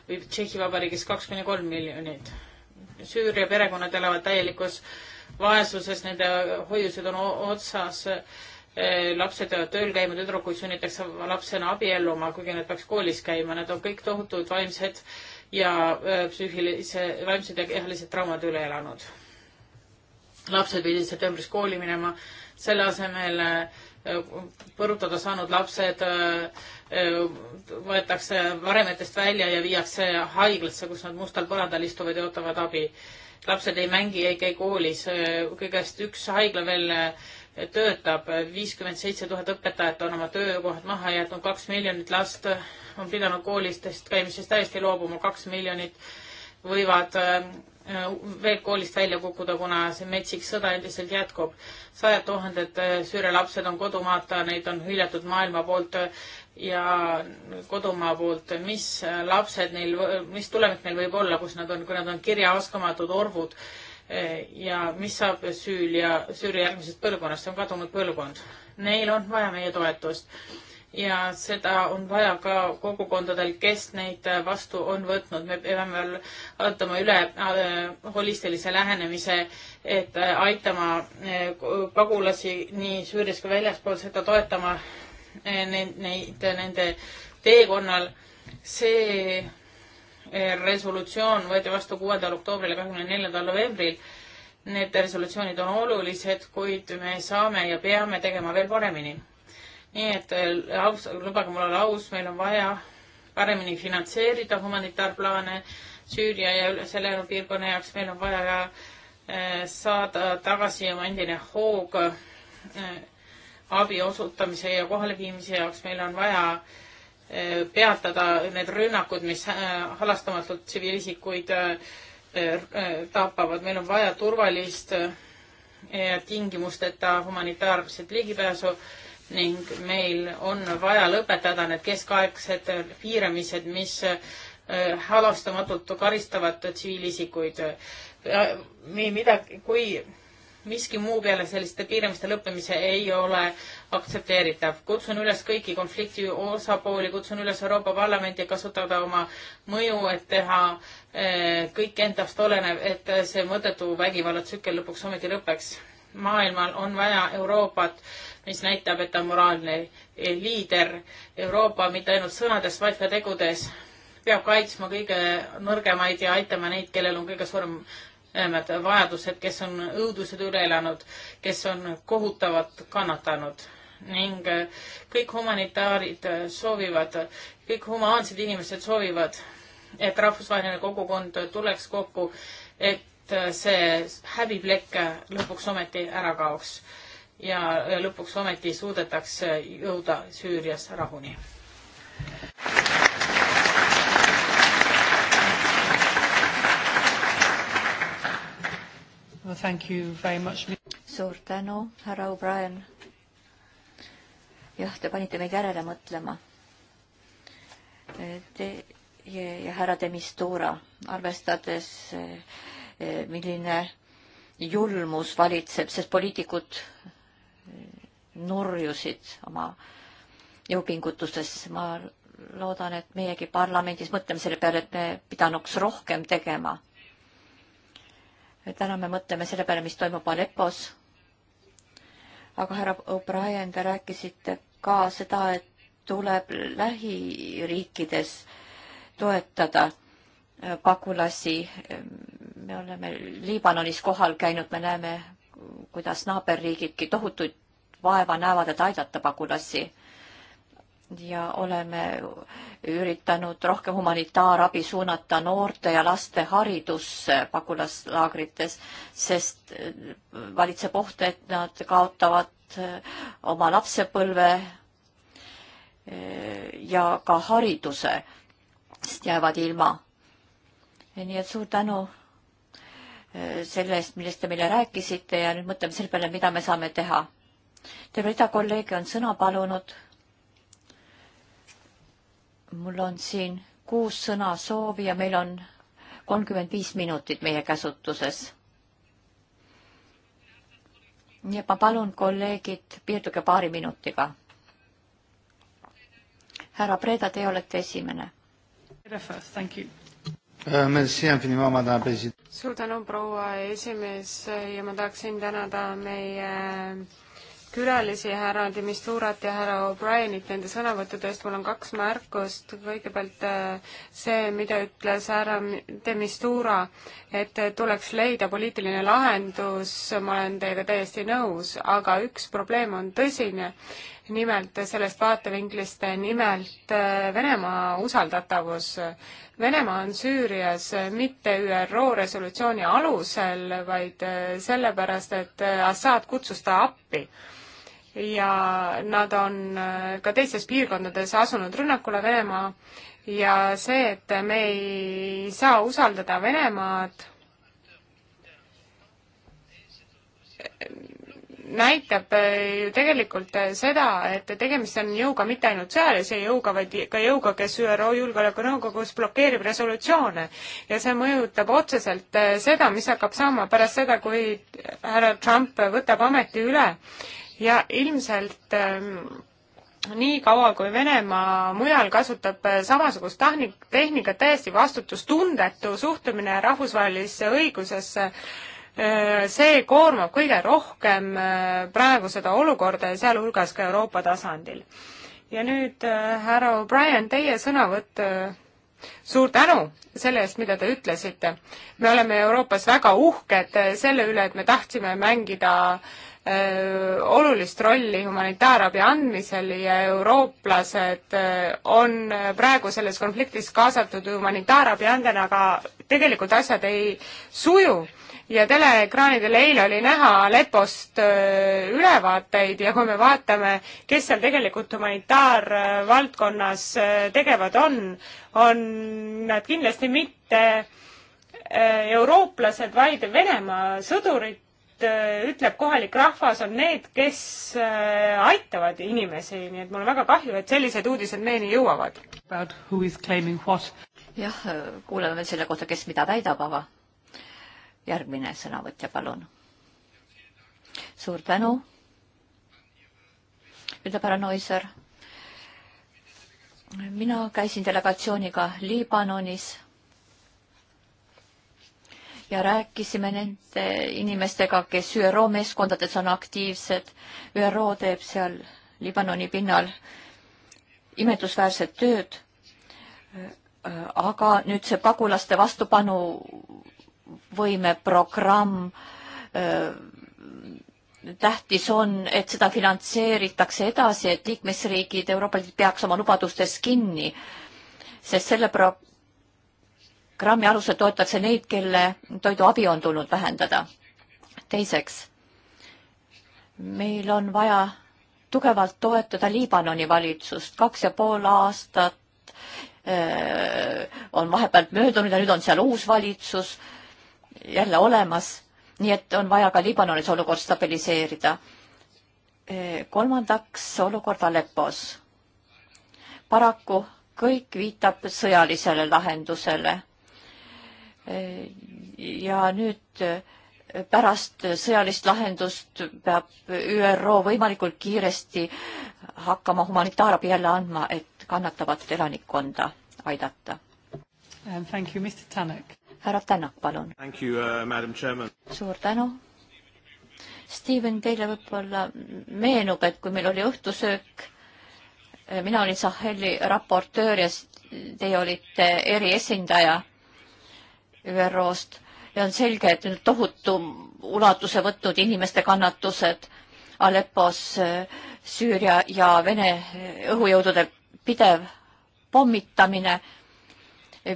või Tšehhi Vabariigis kaks kuni kolm miljonit. Süüria perekonnad elavad täielikus vaesuses, nende hoiused on otsas, eh, lapsed peavad tööl käima, tüdrukuid sunnitakse lapsena abielluma, kuigi nad peaks koolis käima, nad on kõik tohutud vaimsed ja eh, psüühilise, vaimsed ja kehalised traumad üle elanud. lapsed pidid septembris kooli minema, selle asemel eh, põrutada saanud lapsed äh, äh, võetakse varemetest välja ja viiakse haiglasse, kus nad mustal põrandal istuvad ja ootavad abi. lapsed ei mängi, ei käi koolis, äh, kõigest üks haigla veel töötab, viiskümmend seitse tuhat õpetajat on oma töökohad maha jätnud, kaks miljonit last on pidanud koolistest käimisest täiesti loobuma, kaks miljonit võivad Äh, veel koolist välja kukkuda, kuna see metsik sõda endiselt jätkub. sajad tuhanded äh, Süüria lapsed on kodumaata, neid on hüljatud maailma poolt äh, ja kodumaa poolt. mis lapsed neil, mis tulevik neil võib olla, kus nad on, kui nad on kirjaoskamatud orvud ja mis saab Süüria, Süüria järgmisest põlvkonnast, see on kadunud põlvkond. Neil on vaja meie toetust ja seda on vaja ka kogukondadel, kes neid vastu on võtnud. me peame veel vaatama üle äh, holistilise lähenemise, et äh, aitama äh, pagulasi nii Süürias kui väljaspool seda toetama neid, neid, nende teekonnal. see resolutsioon võeti vastu kuuendal oktoobril ja kahekümne neljandal novembril need resolutsioonid on olulised, kuid me saame ja peame tegema veel paremini nii et äh, aus, lubage mul olla aus, meil on vaja paremini finantseerida humanitaarplaane Süüria ja selle piirkonna jaoks, meil on vaja ka äh, saada tagasi oma endine hoog äh, abi osutamise ja kohaleviimise jaoks, meil on vaja peatada need rünnakud, mis halastamatult tsiviilisikuid tapavad, meil on vaja turvalist tingimusteta humanitaarset ligipääsu ning meil on vaja lõpetada need keskaegsed piiramised, mis äh, halastamatult karistavad tsiviilisikuid. nii midagi, kui miski muu peale selliste piiramiste lõppemise ei ole aktsepteeritav. kutsun üles kõiki konflikti osapooli, kutsun üles Euroopa Parlamenti kasutada oma mõju, et teha äh, kõik endast olenev, et see mõttetu vägivallatsükkel lõpuks ometi lõpeks. maailmal on vaja Euroopat, mis näitab, et ta on moraalne liider Euroopa mitte ainult sõnades, vaid ka tegudes. peab kaitsma kõige nõrgemaid ja aitama neid, kellel on kõige suurem vajadused, kes on õudused üle elanud, kes on kohutavalt kannatanud ning äh, kõik humanitaarid äh, soovivad, kõik humaansed inimesed soovivad, et rahvusvaheline kogukond tuleks kokku, et äh, see häbiplekk lõpuks ometi ära kaoks ja lõpuks ometi suudetakse jõuda Süürias rahuni. suur tänu, härra O'Brien. jah, te panite meid järele mõtlema. Te ja härra Demistura, arvestades eh, eh, milline julmus valitseb, sest poliitikud nurjusid oma jõupingutustes. ma loodan, et meiegi parlamendis mõtleme selle peale, et me pidanuks rohkem tegema. täna me mõtleme selle peale, mis toimub Aleppos. aga härra O'Brien, te rääkisite ka seda, et tuleb lähiriikides toetada pagulasi. me oleme Liibanonis kohal käinud, me näeme, kuidas naaberriigidki tohutuid vaeva näevad, et aidata pagulasi. ja oleme üritanud rohkem humanitaarabi suunata noorte ja laste haridusse pagulaslaagrites, sest äh, valitseb oht, et nad kaotavad äh, oma lapsepõlve äh, ja ka hariduse, sest jäävad ilma. nii et suur tänu selle eest, millest te meile rääkisite ja nüüd mõtleme selle peale, mida me saame teha terve rida kolleege on sõna palunud. mul on siin kuus sõnasoovi ja meil on kolmkümmend viis minutit meie käsutuses. nii et ma palun, kolleegid, piirduge paari minutiga. härra Preda, teie olete esimene. Uh, suur tänu, proua esimees ja ma tahaksin tänada meie külalisi, härra Demisturat ja härra O'Brienit nende sõnavõttude eest. mul on kaks märkust. kõigepealt äh, see, mida ütles härra Demistura, et tuleks leida poliitiline lahendus, ma olen teiega täiesti nõus, aga üks probleem on tõsine. nimelt sellest vaatevinklist, nimelt äh, Venemaa usaldatavus. Venemaa on Süürias mitte ÜRO resolutsiooni alusel, vaid äh, sellepärast, et Assad kutsus ta appi appi ja nad on äh, ka teistes piirkondades asunud rünnakule Venemaa ja see, et me ei saa usaldada Venemaad, näitab äh, ju tegelikult äh, seda, et tegemist on jõuga mitte ainult sõjalise jõuga, vaid ka jõuga, kes ÜRO Julgeolekunõukogus blokeerib resolutsioone. ja see mõjutab otseselt seda, mis hakkab saama pärast seda, kui härra Trump võtab ameti üle ja ilmselt ähm, nii kaua, kui Venemaa mujal kasutab äh, samasugust tehnikat, täiesti vastutustundetu suhtumine rahvusvahelisse õigusesse, äh, see koormab kõige rohkem äh, praegu seda olukorda ja sealhulgas ka Euroopa tasandil. ja nüüd härra O'Brien, teie sõnavõtt, suur tänu selle eest, mida te ütlesite. me oleme Euroopas väga uhked selle üle, et me tahtsime mängida äh, Äh, olulist rolli humanitaarabi andmisel ja eurooplased äh, on äh, praegu selles konfliktis kaasatud humanitaarabi andena, aga tegelikult asjad ei suju ja teleekraanidel eile oli näha lepost ülevaateid ja kui me vaatame, kes seal tegelikult humanitaarvaldkonnas tegevad on, on nad kindlasti mitte eurooplased, vaid Venemaa sõdurid, Äh, ütleb kohalik rahvas, on need, kes äh, aitavad inimesi, nii et mul on väga kahju, et sellised uudised meieni jõuavad. jah, kuuleme veel selle kohta, kes mida väidab, aga järgmine sõnavõtja, palun. suur tänu, ütleb härra Noiser. mina käisin delegatsiooniga Liibanonis ja rääkisime nende inimestega, kes ÜRO meeskondades on aktiivsed. ÜRO teeb seal Liibanoni pinnal imetlusväärset tööd. aga nüüd see pagulaste vastupanuvõime programm äh, tähtis on, et seda finantseeritakse edasi, et liikmesriigid, Euroopa Liit peaks oma lubadustes kinni, sest selle pro-, grammi alusel toetatakse neid, kelle toiduabi on tulnud vähendada. teiseks, meil on vaja tugevalt toetada Liibanoni valitsust, kaks ja pool aastat äh, on vahepealt möödunud ja nüüd on seal uus valitsus jälle olemas, nii et on vaja ka Liibanonis olukord stabiliseerida. Äh, kolmandaks olukord Aleppos. paraku kõik viitab sõjalisele lahendusele. Äh, ja nüüd äh, pärast sõjalist lahendust peab ÜRO võimalikult kiiresti hakkama humanitaarabi jälle andma, et kannatavat elanikkonda aidata. härra Tänak, palun. Uh, suur tänu. Steven, teile võib-olla meenub, et kui meil oli õhtusöök, äh, mina olin Saheli raportöör ja teie olite eriesindaja ÜRO-st ja on selge, et nüüd tohutu ulatuse võtnud inimeste kannatused Aleppos, Süüria ja Vene õhujõudude pidev pommitamine.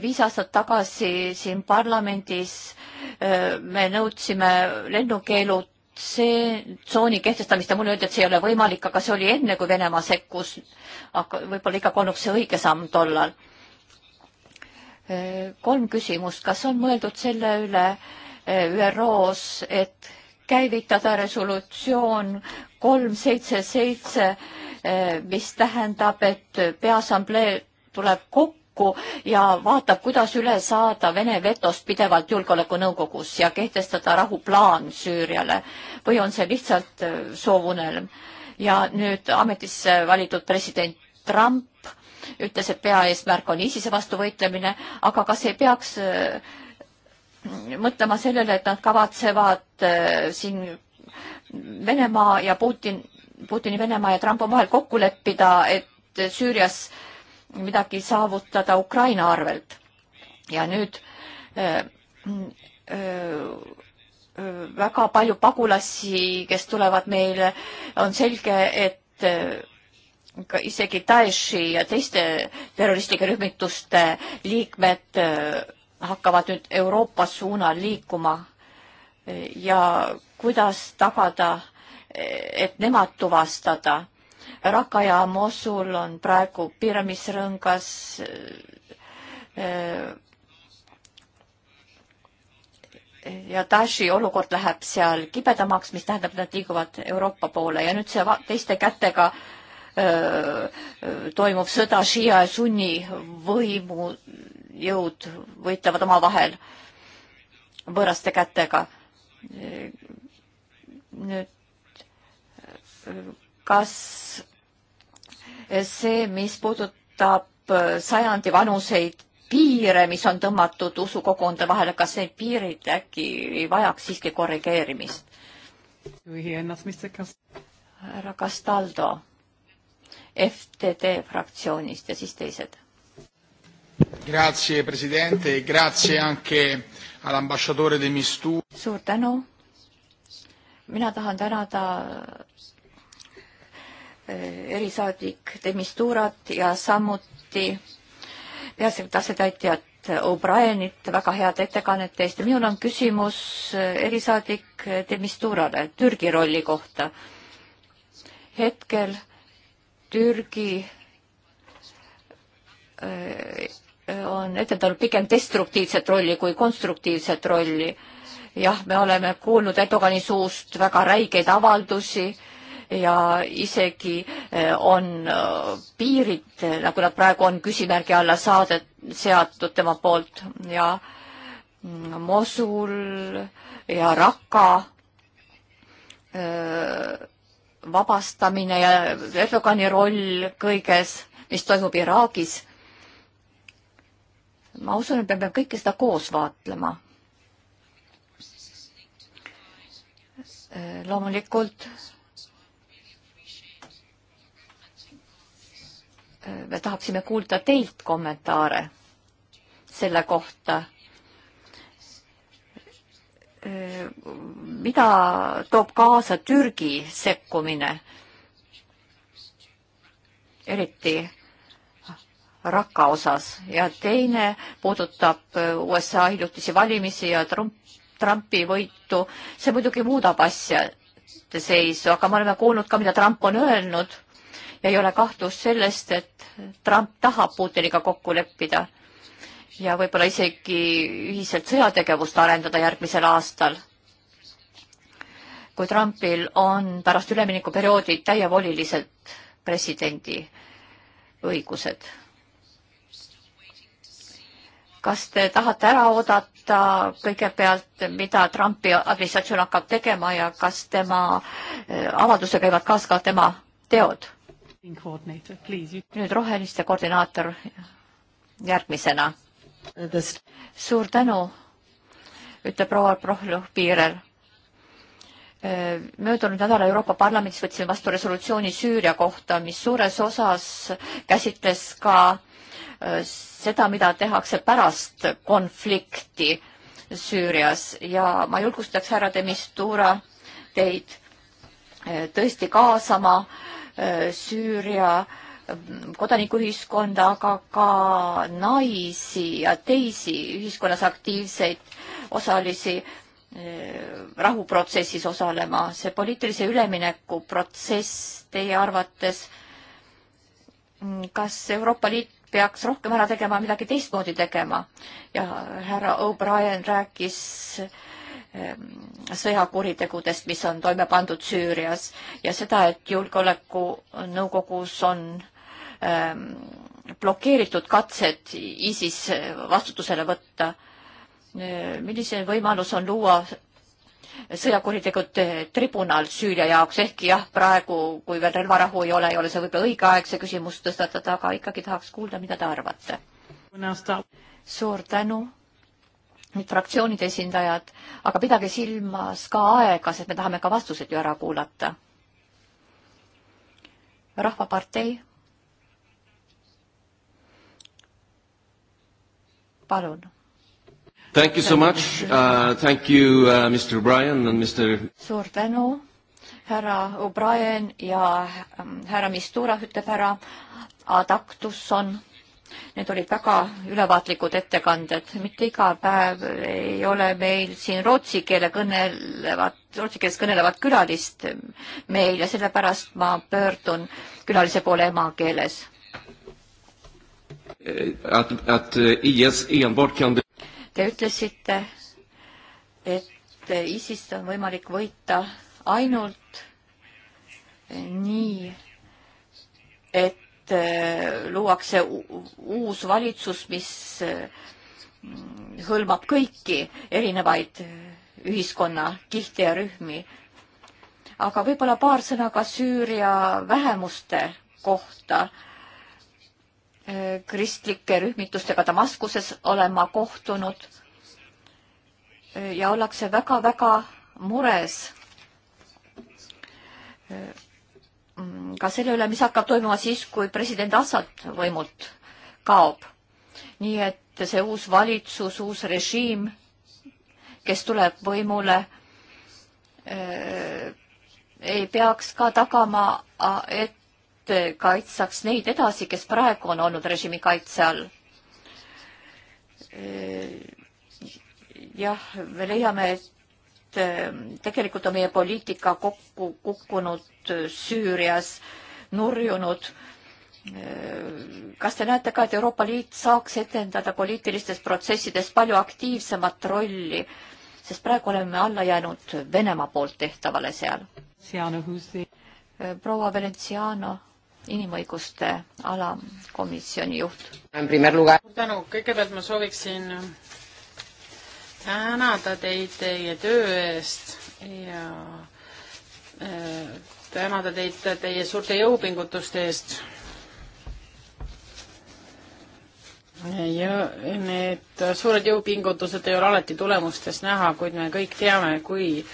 viis aastat tagasi siin parlamendis äh, me nõudsime lennukeelud see tsooni kehtestamist ja mulle öeldi, et see ei ole võimalik, aga see oli enne, kui Venemaa sekkus. aga võib-olla ikkagi olnuks see õige samm tollal kolm küsimust. kas on mõeldud selle üle eh, ÜRO-s, et käivitada resolutsioon kolm seitse seitse, eh, mis tähendab, et Peaassamblee tuleb kokku ja vaatab, kuidas üle saada Vene vetost pidevalt Julgeolekunõukogus ja kehtestada rahuplaan Süüriale või on see lihtsalt eh, soovunelm? ja nüüd ametisse valitud president Trump ütles, et peaeesmärk on ISISe vastu võitlemine, aga kas ei peaks äh, mõtlema sellele, et nad kavatsevad äh, siin Venemaa ja Putin, Putini Venemaa ja Trump omavahel kokku leppida, et Süürias midagi saavutada Ukraina arvelt. ja nüüd öö, äh, öö, väga palju pagulasi, kes tulevad meile, on selge, et ka isegi Daeshi ja teiste terroristlike rühmituste liikmed äh, hakkavad nüüd Euroopa suunal liikuma äh, ja kuidas tagada, äh, et nemad tuvastada. Raka ja Mosul on praegu piiramisrõngas ja Daeshi olukord läheb seal kibedamaks, mis tähendab, et nad liiguvad Euroopa poole ja nüüd see teiste kätega äh, Äh, äh, toimub sõda, Shia ja sunni võimujõud võitlevad omavahel võõraste kätega. nüüd kas see, mis puudutab sajandivanuseid piire, mis on tõmmatud usukogukonda vahele, kas need piirid äkki ei vajaks siiski korrigeerimist? härra Castaldo FTD fraktsioonist ja siis teised. Grazie presidente, grazie anche all'ambasciatore de Mistu-. suur tänu. mina tahan tänada eh, erisaadik de Misturat ja samuti peasekretäri asetäitjat O'Brienit väga head ettekannete eest ja minul on küsimus eh, erisaadik Demisturale Türgi rolli kohta. hetkel Türgi äh, on etendanud pigem destruktiivset rolli kui konstruktiivset rolli. jah, me oleme kuulnud Erdogani suust väga räigeid avaldusi ja isegi äh, on äh, piirid, nagu nad praegu on, küsimärgi alla saadet, seatud tema poolt ja mm, Mosul ja Raqqa vabastamine ja Erdogani roll kõiges, mis toimub Iraagis. ma usun, et me peame kõike seda koos vaatlema. Äh, loomulikult äh, me tahaksime kuulda teilt kommentaare selle kohta mida toob kaasa Türgi sekkumine, eriti Raqqa osas ja teine puudutab USA hiljutisi valimisi ja Trump, Trumpi võitu. see muidugi muudab asjade seisu, aga me oleme kuulnud ka, mida Trump on öelnud ja ei ole kahtlust sellest, et Trump tahab Putiniga kokku leppida ja võib-olla isegi ühiselt sõjategevust arendada järgmisel aastal. kui Trumpil on pärast üleminekuperioodi täievoliliselt presidendi õigused. kas te tahate ära oodata kõigepealt, mida Trumpi administratsioon hakkab tegema ja kas tema eh, avaldusega käivad kaasa ka tema teod? nüüd roheliste koordinaator järgmisena suur tänu, ütleb proua Prohlu piirel. möödunud nädala Euroopa Parlamendis võtsime vastu resolutsiooni Süüria kohta, mis suures osas käsitles ka seda, mida tehakse pärast konflikti Süürias ja ma julgustaks härra Demistura teid tõesti kaasama Süüria äh, kodanikuühiskonda, aga ka naisi ja teisi ühiskonnas aktiivseid osalisi eh, rahuprotsessis osalema. see poliitilise ülemineku protsess teie arvates, mm, kas Euroopa Liit peaks rohkem ära tegema, midagi teistmoodi tegema? ja härra O'Brien rääkis äh, Ähm, sõjakuritegudest, mis on toime pandud Süürias ja seda, et Julgeolekunõukogus on ähm, blokeeritud katsed ISIS vastutusele võtta. Äh, milline võimalus on luua sõjakuritegude tribunal Süüria jaoks, ehkki jah, praegu, kui veel relvarahu ei ole, ei ole see võib-olla õige aeg see küsimus tõstatada, aga ikkagi tahaks kuulda, mida te arvate. suur tänu fraktsioonide esindajad, aga pidage silmas ka aega, sest me tahame ka vastused ju ära kuulata. rahvapartei. palun. Thank you so much uh,, thank you uh, Mr Brian and Mr. suur tänu, härra O'Brien ja um, härra Mistura ütleb härra Adaktusson Need olid väga ülevaatlikud ettekanded, mitte iga päev ei ole meil siin rootsi keele kõnelevat, rootsi keeles kõnelevat külalist meil ja sellepärast ma pöördun külalise poole emakeeles. Eh, Te ütlesite, et ISIS-t on võimalik võita ainult nii, et et äh, luuakse uus valitsus, mis äh, hõlmab kõiki erinevaid äh, ühiskonnakihte ja rühmi. aga võib-olla paar sõna ka Süüria vähemuste kohta. kristlike rühmitustega Damaskuses olen ma kohtunud ja ollakse väga-väga mures Mm, ka selle üle, mis hakkab toimuma siis, kui president Assad võimult kaob. nii et see uus valitsus, uus režiim, kes tuleb võimule, eh, ei peaks ka tagama, et kaitsaks neid edasi, kes praegu on olnud režiimi kaitse all. Eh, jah, me leiame, et Ehm, tegelikult on meie poliitika kokku kukkunud eh, Süürias, nurjunud. Eh, kas te näete ka, et Euroopa Liit saaks etendada poliitilistes protsessides palju aktiivsemat rolli, sest praegu oleme alla jäänud Venemaa poolt tehtavale seal? Eh, proua Valenciano inimõiguste alakomisjoni juht. tänu, kõigepealt ma sooviksin tänada teid teie töö eest ja äh, tänada teid teie suurte jõupingutuste eest. ja need suured jõupingutused ei ole alati tulemustes näha, kuid me kõik teame, kui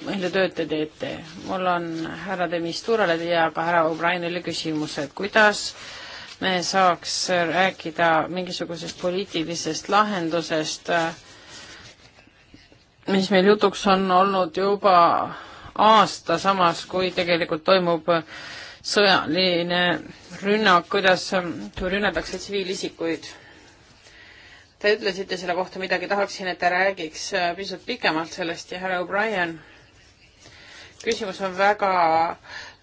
palju tööd te teete. mul on härra Demisturale ja ka härra O'Brienile küsimus, et kuidas me saaks rääkida mingisugusest poliitilisest lahendusest äh, mis meil jutuks on olnud juba aasta, samas kui tegelikult toimub sõjaline rünnak, kuidas, kui rünnatakse tsiviilisikuid. Te ütlesite selle kohta midagi, tahaksin, et te räägiks äh, pisut pikemalt sellest ja härra O'Brien, küsimus on väga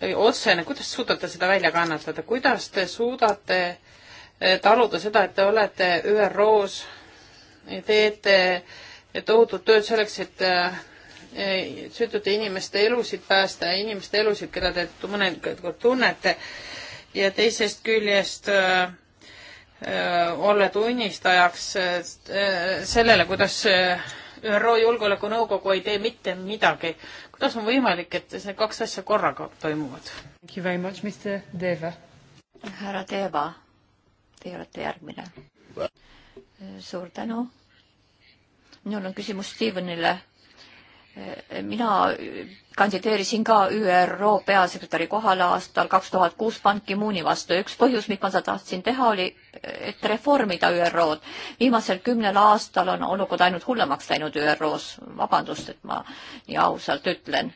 äh, otsene, kuidas suudate seda välja kannatada, kuidas te suudate äh, taluda seda, et te olete ÜRO-s, teete äh, tohutut tööd selleks, et äh, süütute inimeste elusid päästa ja inimeste elusid, keda te mõnikord tunnete ja teisest küljest äh, äh olla tunnistajaks äh, sellele, kuidas äh, ÜRO äh, Julgeolekunõukogu ei tee mitte midagi. kuidas on võimalik, et need kaks asja korraga toimuvad? härra Deva, teie olete järgmine. suur tänu minul on küsimus Stevenile. Eh, mina kandideerisin ka ÜRO peasekretäri kohale aastal kaks tuhat kuus Ban Ki-mooni vastu. üks põhjus, miks ma seda tahtsin teha, oli, et reformida ÜRO-d. viimasel kümnel aastal on olukord ainult hullemaks läinud ÜRO-s. vabandust, et ma nii ausalt ütlen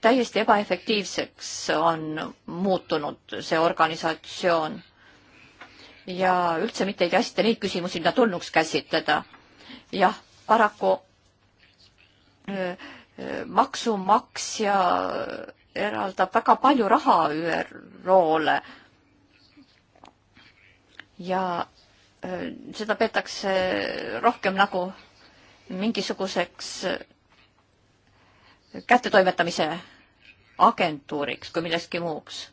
täiesti ebaefektiivseks on muutunud see organisatsioon ja üldse mitte ei käsitle neid küsimusi, mida tulnuks käsitleda jah, paraku maksumaksja eraldab väga palju raha ÜRO-le ja seda peetakse rohkem nagu mingisuguseks kättetoimetamise agentuuriks kui millekski muuks.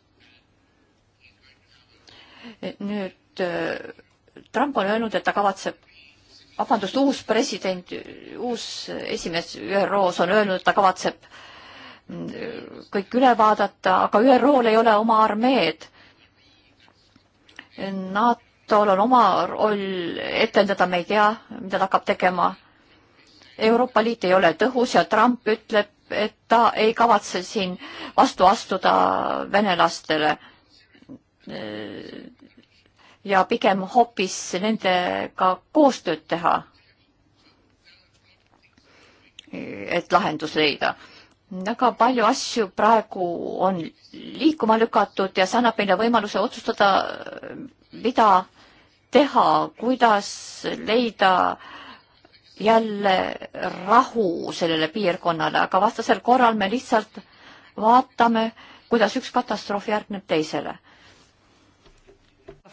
nüüd Trump on öelnud, et ta kavatseb vabandust, uus president, uus esimees ÜRO-s on öelnud, et ta kavatseb kõik üle vaadata, aga ÜRO-l ei ole oma armeed. NATO-l on oma roll etendada, me ei tea, mida ta hakkab tegema. Euroopa Liit ei ole tõhus ja Trump ütleb, et ta ei kavatse siin vastu astuda venelastele ja pigem hoopis nendega koostööd teha, et lahendus leida. väga palju asju praegu on liikuma lükatud ja see annab meile võimaluse otsustada, mida teha, kuidas leida jälle rahu sellele piirkonnale, aga vastasel korral me lihtsalt vaatame, kuidas üks katastroof järgneb teisele.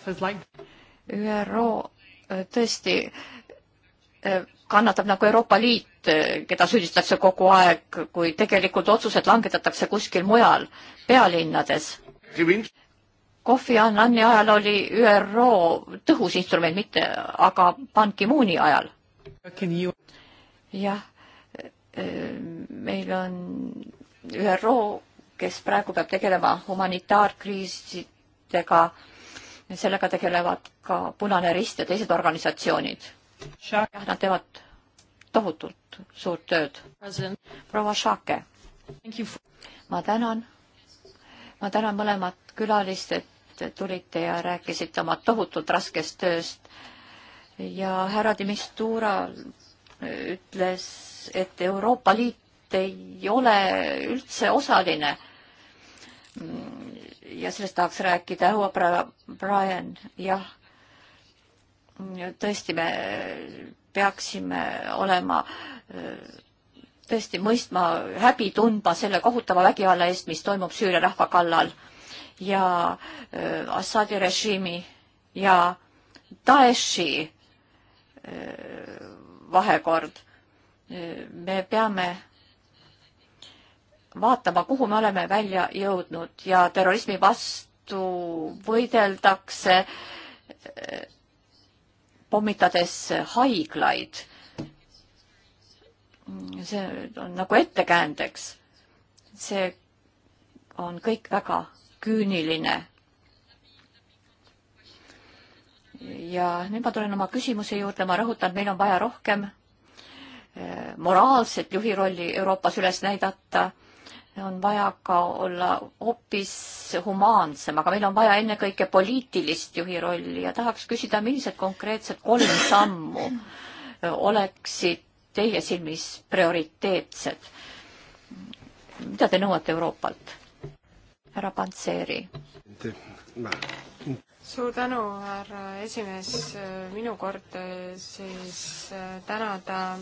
ÜRO äh, tõesti äh, kannatab nagu Euroopa Liit, äh, keda süüdistatakse kogu aeg, kui tegelikult otsused langetatakse kuskil mujal, pealinnades. Kofi Annani ajal oli ÜRO tõhus instrument, mitte aga Ban Ki-mooni ajal. jah, meil on ÜRO, kes praegu peab tegelema humanitaarkriisidega sellega tegelevad ka Punane Rist ja teised organisatsioonid. jah, nad teevad tohutult suurt tööd. proua Šake, ma tänan, ma tänan mõlemat külalist, et tulite ja rääkisite oma tohutult raskest tööst ja härra Dimistura ütles, et Euroopa Liit ei ole üldse osaline ja sellest tahaks rääkida, Hua Brian, jah. tõesti, me peaksime olema, tõesti mõistma, häbi tundma selle kohutava vägivalla eest, mis toimub Süüria rahva kallal ja äh, Assadi režiimi ja Daeshi äh, vahekord. Äh, me peame vaatama, kuhu me oleme välja jõudnud ja terrorismi vastu võideldakse eh, pommitades haiglaid. see on nagu ettekäändeks. see on kõik väga küüniline. ja nüüd ma tulen oma küsimuse juurde, ma rõhutan, meil on vaja rohkem eh, moraalset juhi rolli Euroopas üles näidata on vaja ka olla hoopis humaansem, aga meil on vaja ennekõike poliitilist juhi rolli ja tahaks küsida, millised konkreetsed kolm sammu oleksid teie silmis prioriteetsed? mida te nõuate Euroopalt? härra Pantseri suur tänu, härra esimees, minu kord eh, siis eh, tänada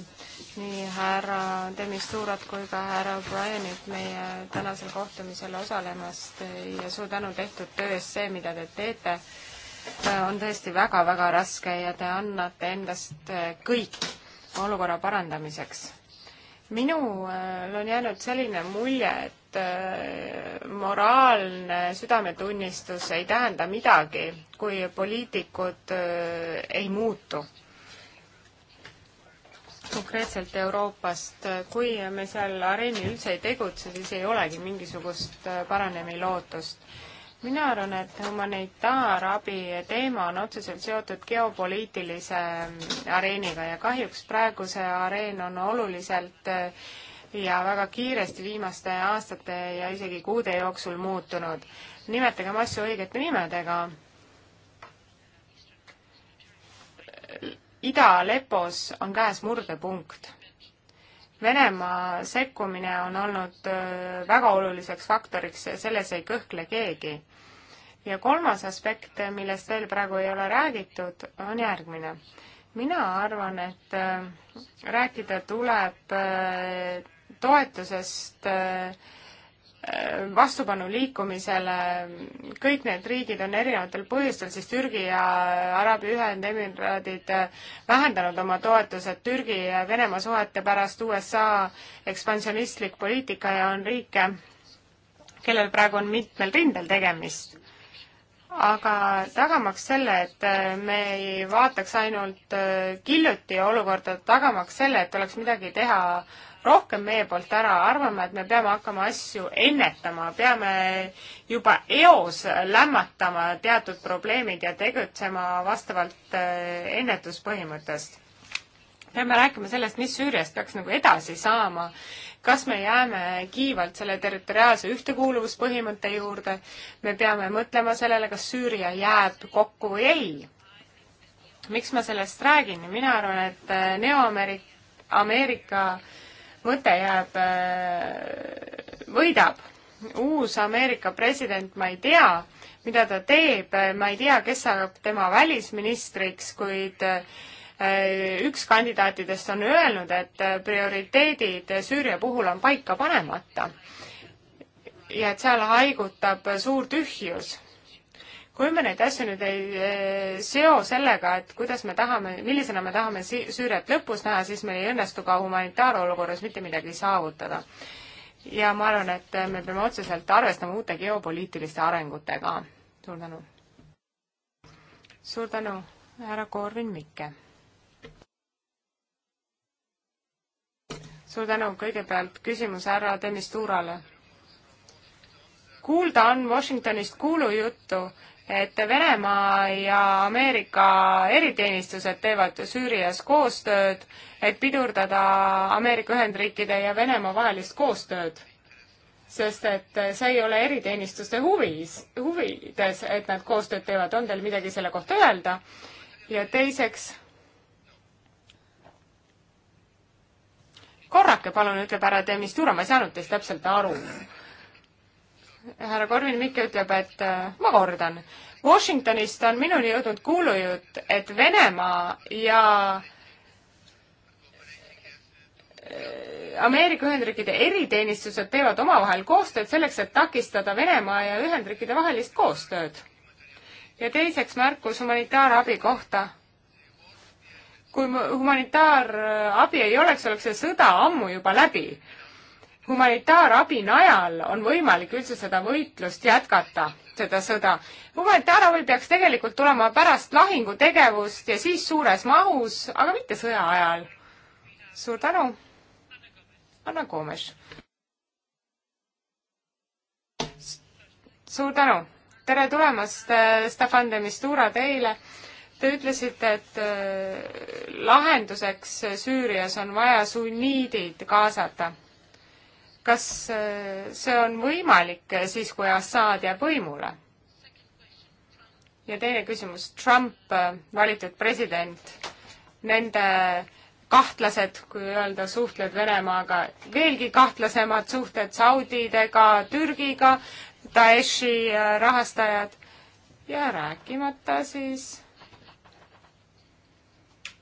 nii härra Demisturat kui ka härra Brianit meie tänasel kohtumisel osalemast ja suur tänu tehtud töö eest, see, mida te teete, eh, on tõesti väga-väga raske ja te annate endast kõik olukorra parandamiseks. minul on jäänud selline mulje, et et äh, moraalne südametunnistus ei tähenda midagi, kui poliitikud äh, ei muutu. konkreetselt Euroopast, äh, kui me seal areenil üldse ei tegutse, siis ei olegi mingisugust paranemislootust mina arvan, et humanitaarabi teema on otseselt seotud geopoliitilise mm, areeniga ja kahjuks praegu see areen on oluliselt ja väga kiiresti viimaste aastate ja isegi kuude jooksul muutunud. nimetagem asju õigete nimedega. Ida-Lepos on käes murdepunkt. Venemaa sekkumine on olnud äh, väga oluliseks faktoriks, selles ei kõhkle keegi. ja kolmas aspekt, millest veel praegu ei ole räägitud, on järgmine mina arvan, et äh, rääkida tuleb äh, toetusest äh, vastupanu liikumisele, kõik need riigid on erinevatel põhjustel, siis Türgi ja Araabia Ühendemiraadid äh, vähendanud oma toetused Türgi ja Venemaa suhete pärast USA ekspansionistlik poliitika ja on riike, kellel praegu on mitmel rindel tegemist aga tagamaks selle, et äh, me ei vaataks ainult killuti olukorda, tagamaks selle, et oleks midagi teha rohkem meie poolt ära, arvame, et me peame hakkama asju ennetama, peame juba eos lämmatama teatud probleemid ja tegutsema vastavalt äh, ennetuspõhimõttest. peame rääkima sellest, mis Süüriast peaks nagu edasi saama, kas me jääme kiivalt selle territoriaalse ühtekuuluvuspõhimõtte juurde, me peame mõtlema sellele, kas Süüria jääb kokku või ei. miks ma sellest räägin, mina arvan, et äh, Neo-Ameerika Ameerika mõte jääb, äh, võidab. uus Ameerika president, ma ei tea, mida ta teeb, ma ei tea, kes saab tema välisministriks, kuid äh, üks kandidaatidest on öelnud, et prioriteedid Süüria puhul on paika panemata. ja et seal haigutab suur tühjus kui me neid asju nüüd ei eh, seo sellega, et kuidas me tahame, millisena me tahame Süüriat lõpus näha, siis meil ei õnnestu ka humanitaarolukorras mitte midagi saavutada. ja ma arvan, et me peame otseselt arvestama uute geopoliitiliste arengutega. suur tänu. suur tänu, härra Korvin Mikke. suur tänu kõigepealt küsimuse härra Demisturale kuulda on Washingtonist kuulujuttu, et Venemaa ja Ameerika eriteenistused teevad Süürias koostööd, et pidurdada Ameerika Ühendriikide ja Venemaa vahelist koostööd. sest et see ei ole eriteenistuste huvis, huvides, et nad koostööd teevad, on teil midagi selle kohta öelda? ja teiseks, korrake palun, ütleb härra Demistuura, ma ei saanud teist täpselt aru härra Korvin Mikke ütleb, et äh, ma kordan, Washingtonist on minuni jõudnud kuulujutt, et Venemaa ja äh, Ameerika Ühendriikide eriteenistused teevad omavahel koostööd selleks, et takistada Venemaa ja Ühendriikide vahelist koostööd. ja teiseks märkus humanitaarabi kohta. kui humanitaarabi ei oleks, oleks see sõda ammu juba läbi humanitaarabi najal on võimalik üldse seda võitlust jätkata, seda sõda. humanitaarabi peaks tegelikult tulema pärast lahingutegevust ja siis suures mahus, aga mitte sõja ajal. suur tänu, Anna Koomes. suur tänu, tere tulemast, äh, Stefan de Mistura teile Te ütlesite, et äh, lahenduseks Süürias on vaja sunniidid kaasata kas äh, see on võimalik äh, siis, kui Assad jääb võimule? ja teine küsimus, Trump, äh, valitud president, nende kahtlased, kui öelda, suhtled Venemaaga, veelgi kahtlasemad suhted Saudidega, Türgiga, Daeshi rahastajad ja rääkimata siis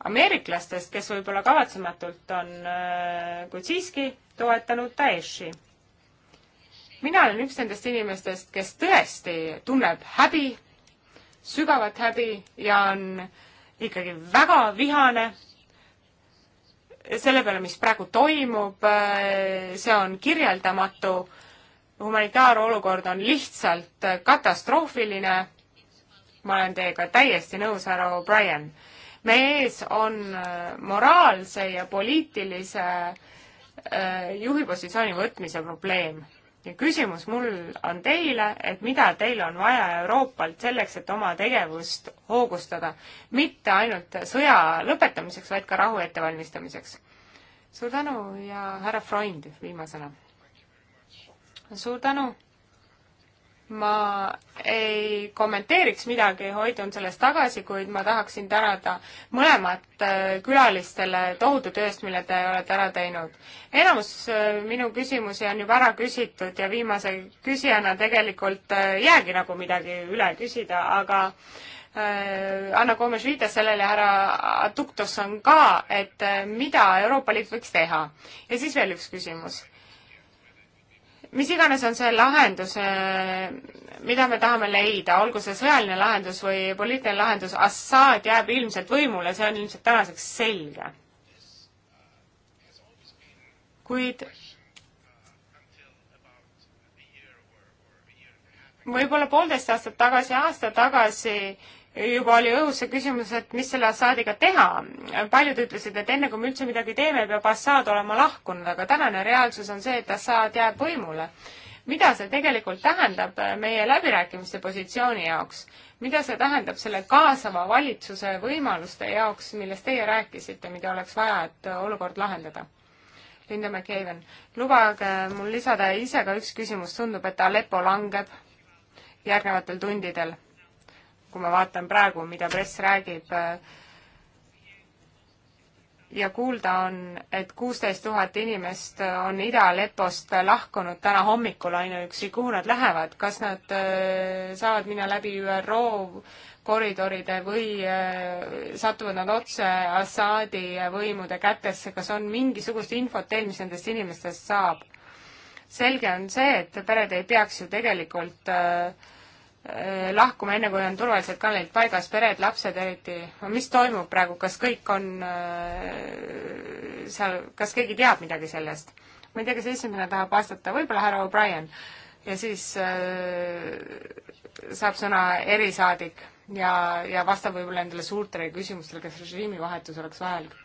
ameeriklastest, kes võib-olla kavatsematult on, äh, kuid siiski, toetanud Daeshi. mina olen üks nendest inimestest, kes tõesti tunneb häbi, sügavat häbi ja on ikkagi väga vihane selle peale, mis praegu toimub, äh, see on kirjeldamatu, humanitaarolukord on lihtsalt katastroofiline, ma olen teiega täiesti nõus, härra O'Brien meie ees on äh, moraalse ja poliitilise äh, juhipositsiooni võtmise probleem. ja küsimus mul on teile, et mida teil on vaja Euroopalt selleks, et oma tegevust hoogustada, mitte ainult sõja lõpetamiseks, vaid ka rahu ettevalmistamiseks. suur tänu ja härra Freund viimasena. suur tänu ma ei kommenteeriks midagi, hoidun sellest tagasi, kuid ma tahaksin tänada mõlemat äh, külalistele tohutu tööst, mille te olete ära teinud. enamus äh, minu küsimusi on juba ära küsitud ja viimase küsijana tegelikult ei äh, jäägi nagu midagi üle küsida, aga Anna Koomes viitas sellele, härra Tuktos on ka, et mida Euroopa Liit võiks teha. ja siis veel üks küsimus mis iganes on see lahendus, eh, mida me tahame leida, olgu see sõjaline lahendus või poliitiline lahendus, Assad jääb ilmselt võimule, see on ilmselt tänaseks selge. kuid võib-olla poolteist aastat tagasi, aasta tagasi juba oli õhus see küsimus, et mis selle Assadiga teha. paljud ütlesid, et enne kui me üldse midagi teeme, peab Assad olema lahkunud, aga tänane reaalsus on see, et Assad jääb võimule. mida see tegelikult tähendab meie läbirääkimiste positsiooni jaoks? mida see tähendab selle kaasava valitsuse võimaluste jaoks, millest teie rääkisite, mida oleks vaja, et olukord lahendada? Linda McCaven, lubage mul lisada ise ka üks küsimus, tundub, et Aleppo langeb järgnevatel tundidel kui ma vaatan praegu, mida press räägib, ja kuulda on, et kuusteist tuhat inimest on idalepost lahkunud täna hommikul ainuüksi, kuhu nad lähevad, kas nad äh, saavad minna läbi ÜRO koridoride või äh, satuvad nad otse Assaadi võimude kätesse, kas on mingisugust infot teil, mis nendest inimestest saab? selge on see, et pered ei peaks ju tegelikult äh, Äh, lahkuma, enne kui on turvalised kanalid paigas, pered, lapsed eriti, mis toimub praegu, kas kõik on äh, seal, kas keegi teab midagi sellest? ma ei tea, kes esimene tahab vastata, võib-olla härra O'Brien ja siis äh, saab sõna erisaadik ja, ja vastab võib-olla endale suurtele küsimustele, kas režiimivahetus oleks vajalik.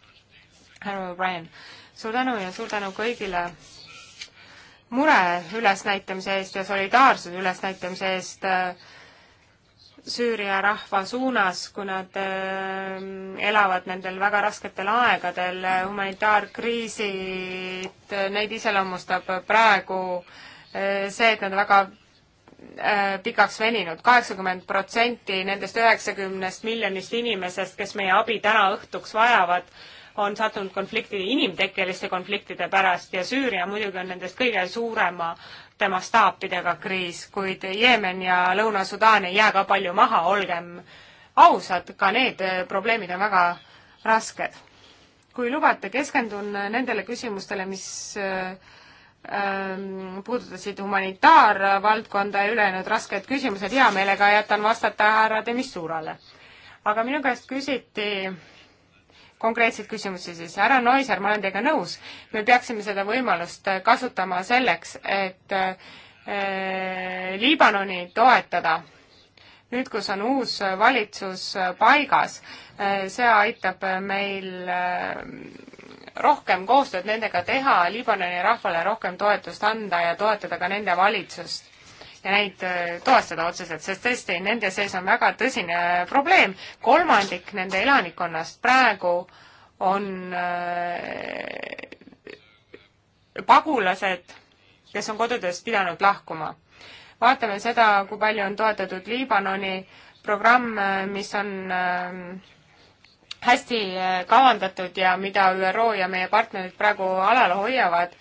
härra O'Brien, suur tänu ja suur tänu kõigile äh, mure ülesnäitamise eest ja solidaarsuse ülesnäitamise eest äh, Süüria rahva suunas, kui nad äh, elavad nendel väga rasketel aegadel, humanitaarkriisid, äh, neid iseloomustab praegu see, et nad väga pikaks veninud, kaheksakümmend protsenti nendest üheksakümnest miljonist inimesest, kes meie abi täna õhtuks vajavad, on sattunud konflikti inimtekkeliste konfliktide pärast ja Süüria muidugi on nendest kõige suurema tema staapidega kriis, kuid Jeemen ja Lõuna-Sudaan ei jää ka palju maha, olgem ausad, ka need probleemid on väga rasked. kui lubate, keskendun nendele küsimustele, mis ähm, puudutasid humanitaarvaldkonda ja ülejäänud rasked küsimused, hea meelega jätan vastata härra Demissurale. aga minu käest küsiti konkreetseid küsimusi siis. härra Noiser, ma olen teiega nõus, me peaksime seda võimalust äh, kasutama selleks, et äh, äh, Liibanoni toetada. nüüd, kus on uus äh, valitsus paigas äh,, see aitab meil äh, rohkem koostööd nendega teha, Liibanoni rahvale rohkem toetust anda ja toetada ka nende valitsust ja neid äh, toestada otseselt, sest tõesti, nende sees on väga tõsine äh, probleem. kolmandik nende elanikkonnast praegu on äh, pagulased, kes on kodudest pidanud lahkuma. vaatame seda, kui palju on toetatud Liibanoni programm, mis on hästi kavandatud ja mida ÜRO ja meie partnerid praegu alal hoiavad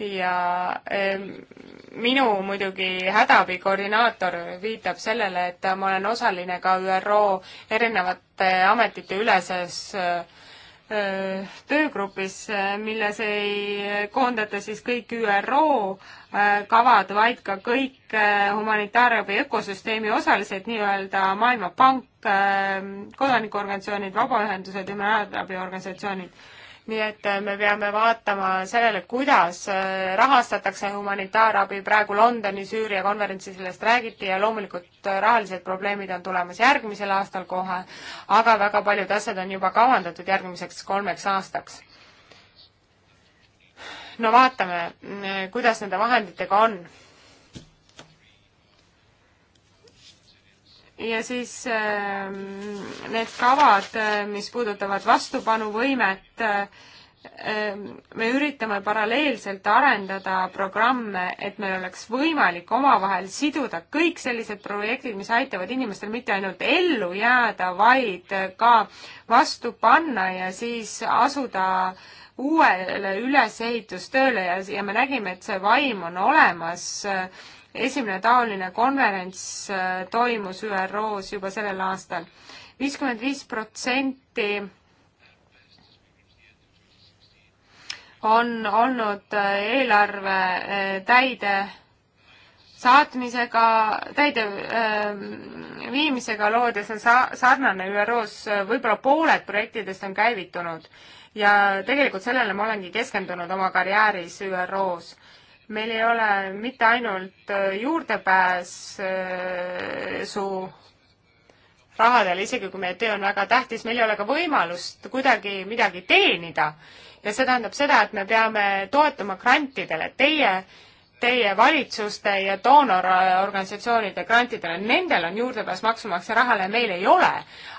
ja minu muidugi hädaabikoordinaator viitab sellele, et ma olen osaline ka ÜRO erinevate ametite üleses töögrupis, milles ei koondata siis kõik ÜRO kavad, vaid ka kõik humanitaarabi ökosüsteemi osalised, nii-öelda Maailmapank, kodanikuorganisatsioonid, vabaühendused ja humanitaarabiorganisatsioonid nii et äh, me peame vaatama sellele, kuidas äh, rahastatakse humanitaarabi, praegu Londoni Süüria konverentsi sellest räägiti ja loomulikult äh, rahalised probleemid on tulemas järgmisel aastal kohe, aga väga paljud asjad on juba kavandatud järgmiseks kolmeks aastaks. no vaatame, kuidas nende vahenditega on ja siis ähm, need kavad, äh, mis puudutavad vastupanuvõimet, äh, ähm, me üritame paralleelselt arendada programme, et meil oleks võimalik omavahel siduda kõik sellised projektid, mis aitavad inimestel mitte ainult ellu jääda, vaid äh, ka vastu panna ja siis asuda uuele ülesehitustööle ja, ja me nägime, et see vaim on olemas esimene taoline konverents äh, toimus ÜRO-s juba sellel aastal. viiskümmend viis protsenti on olnud äh, eelarve äh, täide saatmisega, täide ähm, viimisega lood ja see on sa-, sarnane ÜRO-s, võib-olla pooled projektidest on käivitunud. ja tegelikult sellele ma olengi keskendunud oma karjääris ÜRO-s meil ei ole mitte ainult äh, juurdepääsu äh, rahadele, isegi kui meie töö on väga tähtis, meil ei ole ka võimalust kuidagi midagi teenida. ja see tähendab seda, et me peame toetuma grantidele. Teie teie valitsuste ja doonororganisatsioonide grantidele, nendel on juurdepääs maksumaksja rahale, meil ei ole,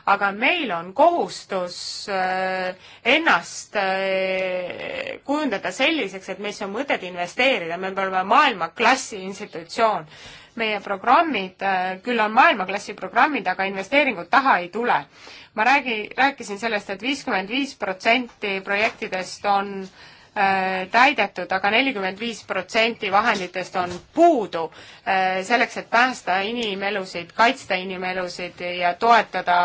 aga meil on kohustus äh, ennast äh, kujundada selliseks, et meisse on mõtet investeerida, me peame olema maailmaklassi institutsioon. meie programmid äh, küll on maailmaklassi programmid, aga investeeringud taha ei tule. ma räägi, rääkisin sellest et, et viiskümmend viis protsenti projektidest on äh, Äh, täidetud aga, aga nelikümmend viis protsenti vahenditest on puudu äh, selleks, et päästa inimelusid, kaitsta inimelusid ja toetada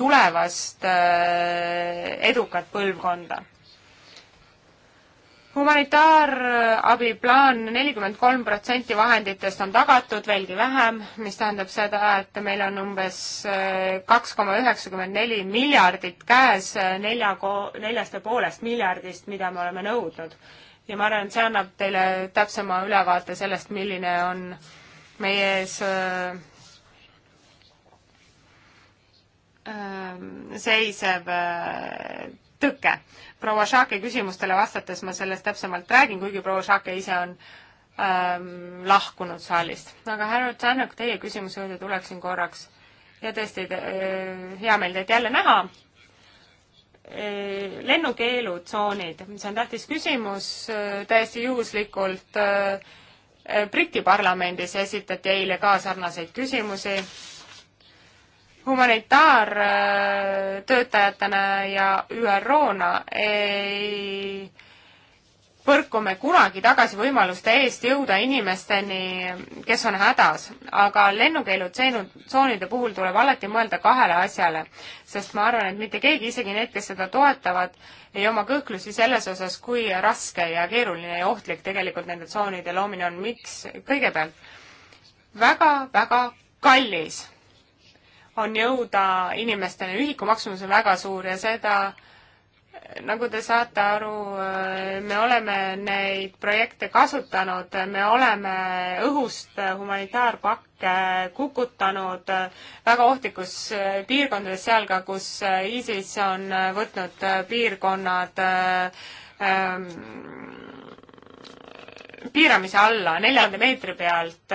tulevast äh, edukat põlvkonda humanitaarabiplaan nelikümmend kolm protsenti vahenditest on tagatud, veelgi vähem, mis tähendab seda, et meil on umbes äh, kaks koma üheksakümmend neli miljardit käes äh, nelja ko-, neljast ja poolest miljardist, mida me oleme nõudnud. ja ma arvan, et see annab teile täpsema ülevaate sellest, milline on meie ees äh, seisev tõke proua Šake küsimustele vastates ma sellest täpsemalt räägin, kuigi proua Šake ise on ähm, lahkunud saalist. aga härra Tšanõk, teie küsimuse juurde tuleksin korraks ja tõesti äh, hea meel teid jälle näha äh,. lennukeelutsoonid, see on tähtis küsimus äh,, täiesti juhuslikult äh, äh, Briti parlamendis esitati eile ka sarnaseid küsimusi humanitaartöötajatena ja ÜRO-na ei põrku me kunagi tagasi võimaluste eest jõuda inimesteni, kes on hädas, aga lennukeelutsoonide puhul tuleb alati mõelda kahele asjale, sest ma arvan, et mitte keegi, isegi need, kes seda toetavad, ei oma kõhklusi selles osas, kui raske ja keeruline ja ohtlik tegelikult nende tsoonide loomine on. miks? kõigepealt väga-väga kallis on jõuda inimesteni, ühiku maksumus on väga suur ja seda nagu te saate aru, äh, me oleme neid projekte kasutanud, me oleme õhust humanitaarpakke kukutanud väga ohtlikus äh, piirkondades, seal ka, kus äh, ISIS on võtnud piirkonnad ähm, piiramise alla, neljanda meetri pealt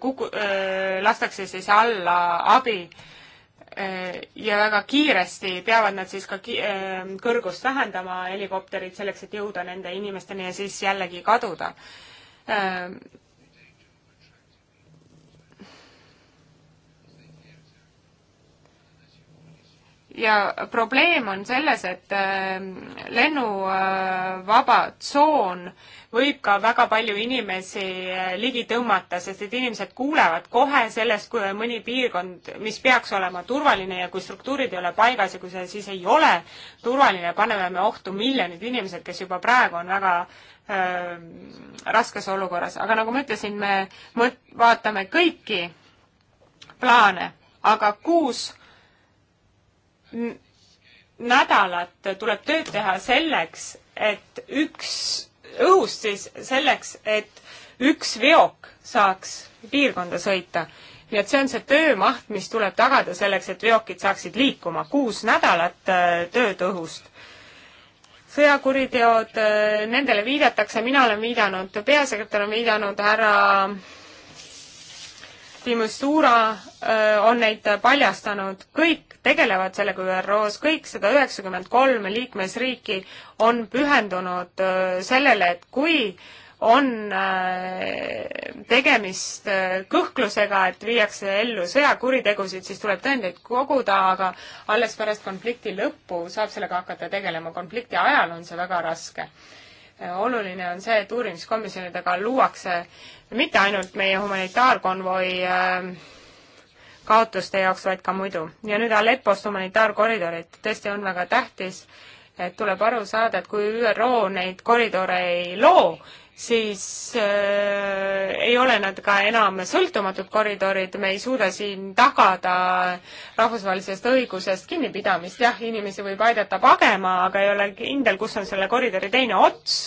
kuku- äh,, lastakse siis alla abi äh, Äh, ja väga kiiresti peavad nad siis ka ki-, äh, kõrgust vähendama, helikopterid, selleks et jõuda nende inimesteni ja siis jällegi kaduda äh, ja probleem on selles, et äh, lennuvaba tsoon võib ka väga palju inimesi äh, ligi tõmmata, sest et inimesed kuulevad kohe sellest, kui mõni piirkond, mis peaks olema turvaline ja kui struktuurid ei ole paigas ja kui see siis ei ole turvaline, paneme me ohtu miljonid inimesed, kes juba praegu on väga äh, raskes olukorras, aga nagu ma ütlesin, me mõt-, vaatame kõiki plaane, aga kuus äh, nädalat tuleb tööd teha selleks, et üks, õhust siis selleks, et üks veok saaks piirkonda sõita. nii et see on see töömaht, mis tuleb tagada selleks, et veokid saaksid liikuma. kuus nädalat äh, tööd õhust sõjakuriteod, äh, nendele viidatakse, mina olen viidanud, peasekretär on viidanud, härra Dimustura on neid paljastanud, kõik tegelevad sellega ÜRO-s, kõik sada üheksakümmend kolm liikmesriiki on pühendunud sellele, et kui on tegemist kõhklusega, et viiakse ellu sõjakuritegusid, siis tuleb tõendeid koguda, aga alles pärast konflikti lõppu saab sellega hakata tegelema. konflikti ajal on see väga raske. Äh, oluline on see, et uurimiskomisjonidega luuakse mitte ainult meie humanitaarkonvoi äh, kaotuste jaoks, vaid ka muidu. ja nüüd Aleppost humanitaarkoridorid, tõesti on väga tähtis, et tuleb aru saada, et kui ÜRO neid koridore ei loo, siis äh, ei ole nad ka enam sõltumatud koridorid, me ei suuda siin tagada rahvusvahelisest õigusest kinnipidamist, jah, inimesi võib aidata pagema, aga ei ole kindel, kus on selle koridori teine ots,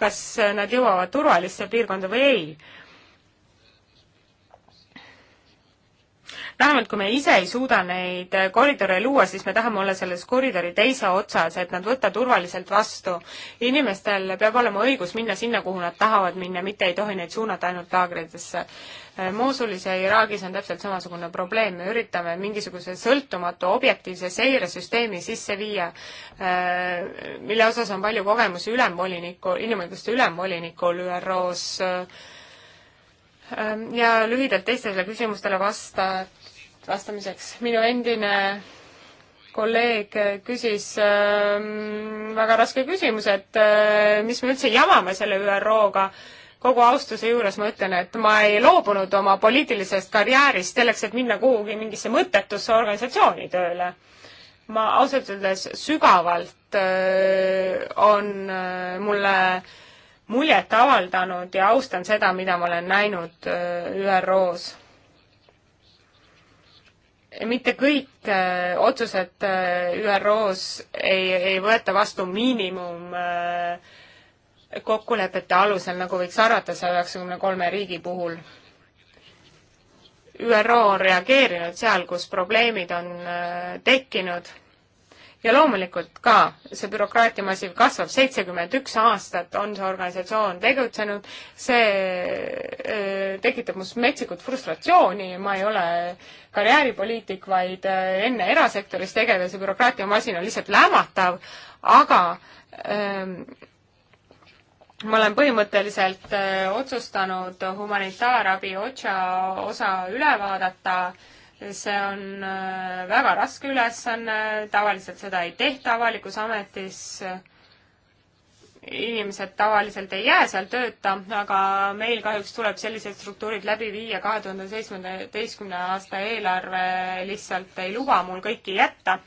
kas nad jõuavad turvalisse piirkonda või ei vähemalt kui me ise ei suuda neid koridore luua, siis me tahame olla selles koridori teise otsas, et nad võtta turvaliselt vastu. inimestel peab olema õigus minna sinna, kuhu nad tahavad minna, mitte ei tohi neid suunata ainult laagritesse. Mosulis ja Iraagis on täpselt samasugune probleem, me üritame mingisuguse sõltumatu objektiivse seiresüsteemi sisse viia, äh, mille osas on palju kogemusi ülemvolinikul, inimõiguste ülemvolinikul ÜRO-s äh, ja lühidalt teistele küsimustele vasta, vastamiseks. minu endine kolleeg küsis äh, väga raske küsimuse, et äh, mis me üldse jamame selle ÜRO-ga. kogu austuse juures ma ütlen, et ma ei loobunud oma poliitilisest karjäärist selleks, et minna kuhugi mingisse mõttetusse organisatsiooni tööle. ma ausalt öeldes sügavalt äh, on äh, mulle muljet avaldanud ja austan seda, mida ma olen näinud äh, ÜRO-s mitte kõik äh, otsused äh, ÜRO-s ei, ei võeta vastu miinimum äh, kokkulepete alusel, nagu võiks arvata saja üheksakümne kolme riigi puhul. ÜRO on reageerinud seal, kus probleemid on äh, tekkinud ja loomulikult ka see bürokraatiamassiiv kasvab, seitsekümmend üks aastat on see organisatsioon tegutsenud, see äh, tekitab must metsikut frustratsiooni, ma ei ole karjääripoliitik, vaid äh, enne erasektoris tegev ja see bürokraatiamasin on lihtsalt lämmatav, aga ähm, ma olen põhimõtteliselt öö, äh, otsustanud humanitaarabi OTSA osa üle vaadata äh, see on äh, väga raske ülesanne, tavaliselt seda ei tehta avalikus ametis. inimesed tavaliselt ei jää seal tööta, aga meil kahjuks tuleb sellised struktuurid läbi viia, kahe tuhande seitsmeteistkümne aasta eelarve lihtsalt ei luba mul kõiki jätta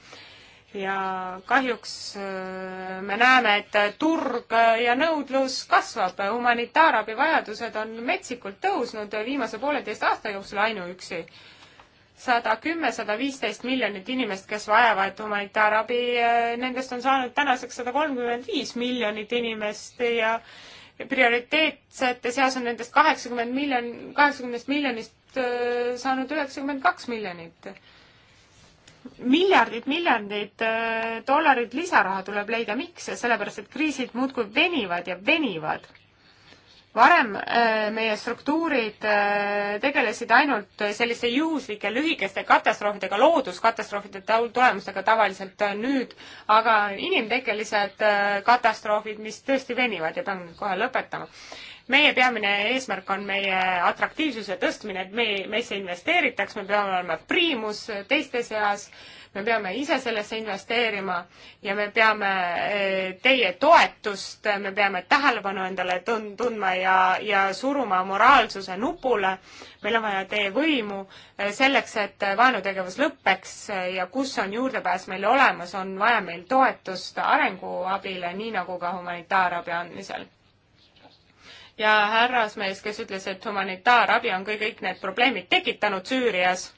ja kahjuks äh, me näeme, et turg ja nõudlus kasvab, humanitaarabi vajadused on metsikult tõusnud viimase pooleteist aasta jooksul ainuüksi sada kümme, sada viisteist miljonit inimest, kes vajavad humanitaarabi, eh, nendest on saanud tänaseks sada kolmkümmend viis miljonit inimest ja prioriteetsete seas on nendest kaheksakümmend miljon, kaheksakümnest miljonist eh, saanud üheksakümmend kaks miljonit. miljardid, miljardid eh, dollarid lisaraha tuleb leida, miks? sellepärast, et kriisid muudkui venivad ja venivad varem äh, meie struktuurid äh, tegelesid ainult äh, selliste juhuslike lühikeste katastroofidega, looduskatastroofide tulemustega tavaliselt nüüd, aga inimtekkelised katastroofid, mis tõesti venivad ja pean nüüd kohe lõpetama. meie peamine eesmärk on meie atraktiivsuse tõstmine, et me, meisse investeeritaks, me peame olema priimus teiste seas me peame ise sellesse investeerima ja me peame eh, teie toetust, me peame tähelepanu endale tund-, tundma ja, ja suruma moraalsuse nupule. meil on vaja teie võimu eh, selleks, et vaenutegevus lõpeks ja kus on juurdepääs meil olemas, on vaja meil toetust arenguabile, nii nagu ka humanitaarabi andmisel ja härrasmees, kes ütles, et humanitaarabi on kõik, kõik need probleemid tekitanud Süürias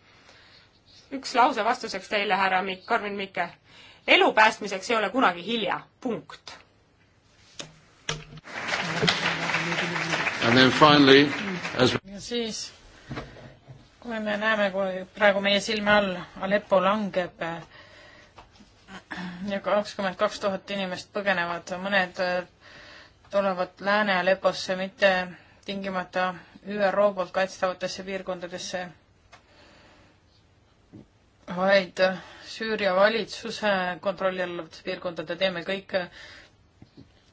üks lause vastuseks teile, härra Mik-, Karmen Mikke. elu päästmiseks ei ole kunagi hilja, punkt. As... ja siis, kui me näeme, kui praegu meie silme all Aleppo langeb ja kakskümmend kaks tuhat inimest põgenevad, mõned tulevad Lääne-Alepposse, mitte tingimata ÜRO poolt kaitstavatesse piirkondadesse vaid Süüria valitsuse kontrolli all olevates piirkondades teeme kõik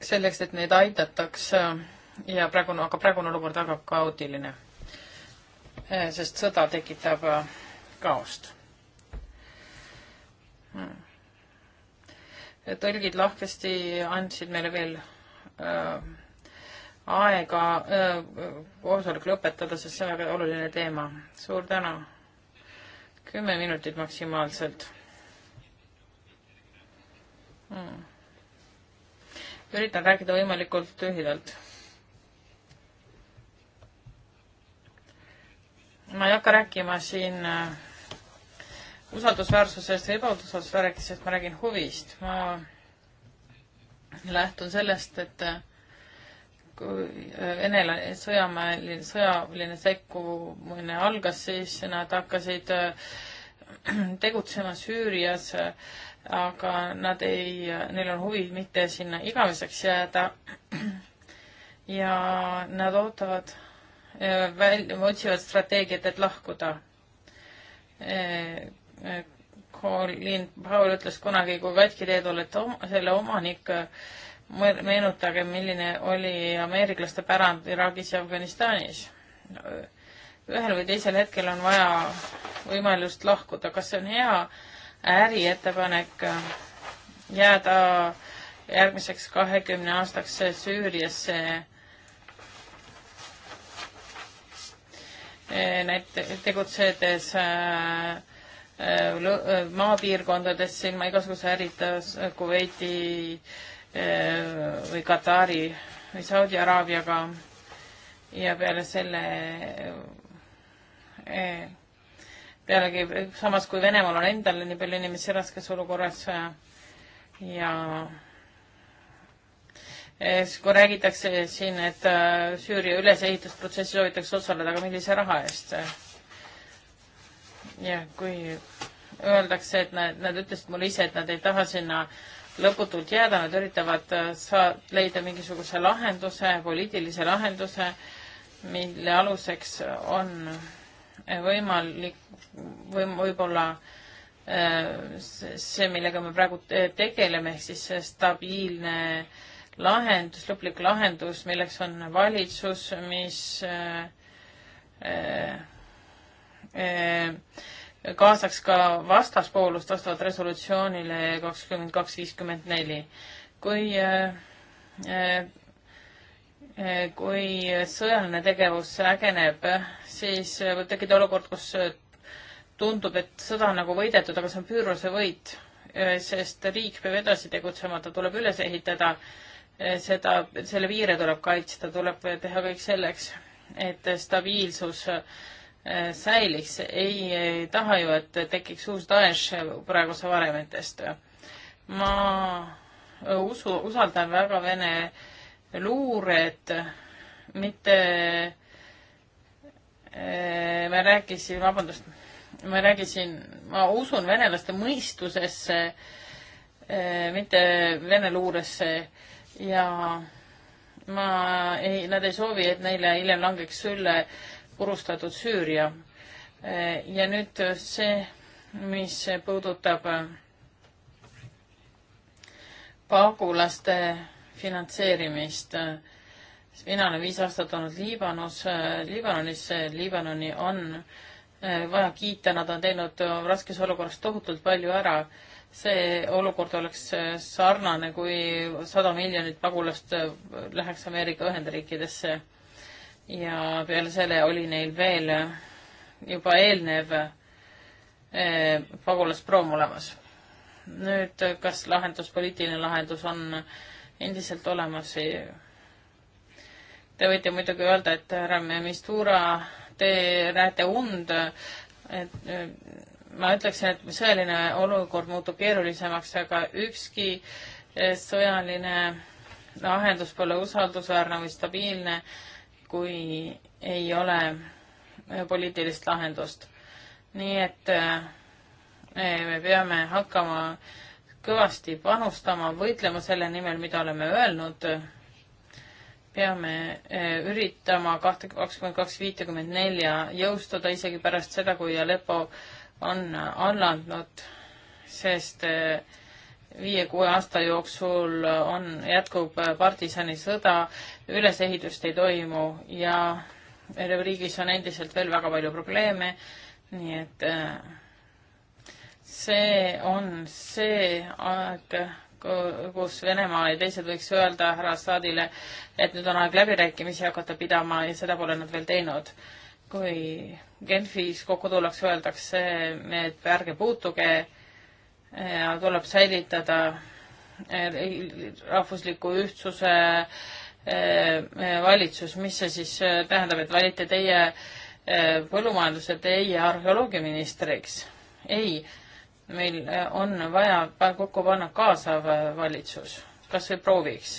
selleks, et neid aidataks ja praegune, aga praegune olukord väga kaootiline, sest sõda tekitab äh, kaost. tõlgid lahkesti andsid meile veel äh, aega äh, koosolek lõpetada, sest see on väga oluline teema. suur tänu kümme minutit maksimaalselt hmm.. üritan rääkida võimalikult lühidalt. ma ei hakka rääkima siin äh, usaldusväärsusest või ebausaldusväärsusest, ma räägin huvist. ma lähtun sellest, et äh, kui Vene sõjamäe, sõjaväeline sekkumine algas, siis nad hakkasid äh, tegutsema Süürias, aga nad ei, neil on huvi mitte sinna igaveseks jääda. ja nad ootavad, äh, otsivad strateegiat, et lahkuda äh, Colin Powell ütles kunagi, kui katki teed olete oma, selle omanik, meenutage, milline oli ameeriklaste pärand Iraagis ja Afganistanis. ühel või teisel hetkel on vaja võimalust lahkuda, kas see on hea äriettepanek jääda järgmiseks kahekümne aastaks Süüriasse näit-, tegutsedes äh, äh, äh, maapiirkondades ilma igasuguse ärita Kuveidi äh, või Katari või Saudi Araabiaga ja peale selle eh, pealegi samas kui Venemaal on endal nii palju inimesi raskes olukorras eh, ja eh, kui räägitakse siin, et Süüria ülesehitusprotsessi soovitakse osaleda, aga millise raha eest? ja kui öeldakse, et nad, nad ütlesid mulle ise, et nad ei taha sinna äh, lõputult jääda, nad üritavad äh, saa-, leida mingisuguse lahenduse, poliitilise lahenduse, mille aluseks on võimalik, võim-, võib-olla äh, see, millega me praegu tegeleme, ehk siis see stabiilne lahendus, lõplik lahendus, milleks on valitsus, mis äh, äh, äh, kaasaks ka vastaspoolust vastavalt resolutsioonile kakskümmend kaks viiskümmend neli. kui äh, äh, kui sõjaline tegevus ägeneb, siis võib tekkida olukord, kus tundub, et sõda on nagu võidetud, aga see on püüruse võit, äh, sest riik peab edasi tegutsema, ta tuleb üles ehitada, seda, selle piire tuleb kaitsta, tuleb teha kõik selleks, et stabiilsus äh, Äh, säiliks, ei taha ju, et tekiks uus Daesh praeguse varemetest. ma usu, usaldan väga Vene luuret, mitte äh, ma rääkisin, vabandust, ma rääkisin, ma usun venelaste mõistusesse, äh, mitte vene luuresse ja ma ei, nad ei soovi, et neile hiljem langeks sülle äh, purustatud Süüria. Eh, ja nüüd see, mis puudutab eh, pagulaste finantseerimist. Eh, mina olen viis aastat olnud Liibanus, Liibanonis, Liibanoni on vaja kiita, nad on teinud raskes olukorras tohutult palju ära. see olukord oleks sarnane, kui sada miljonit pagulast läheks Ameerika Ühendriikidesse ja peale selle oli neil veel juba eelnev eh, pagulasproom olemas. nüüd, kas lahendus, poliitiline lahendus on endiselt olemas? Te võite muidugi öelda, et härra Mistura, te näete und, et eh, ma ütleksin, et sõjaline olukord muutub keerulisemaks, aga ükski eh, sõjaline lahendus pole usaldusväärne või stabiilne äh, kui ei ole äh, poliitilist lahendust. nii et äh, me peame hakkama kõvasti panustama, võitlema selle nimel, mida oleme öelnud. peame äh, üritama kahte, kakskümmend kaks, viitekümmet nelja jõustuda isegi pärast seda, kui Aleppo on alla andnud, sest viie-kuue aasta jooksul on, jätkub partisanisõda ülesehitust ei toimu ja riigis on endiselt veel väga palju probleeme, nii et äh, see on see aeg, kus Venemaa ja teised võiks öelda härra Assadile, et nüüd on aeg läbirääkimisi hakata pidama ja seda pole nad veel teinud. kui Genfis kokku tullakse, öeldakse, et ärge puutuge, äh, tuleb säilitada äh, rahvusliku ühtsuse Eh, eh, valitsus, mis see siis eh, tähendab, et valite teie põllumajanduse, teie arheoloogiaministriks? ei, meil on vaja kokku panna kaasav valitsus, kas või prooviks.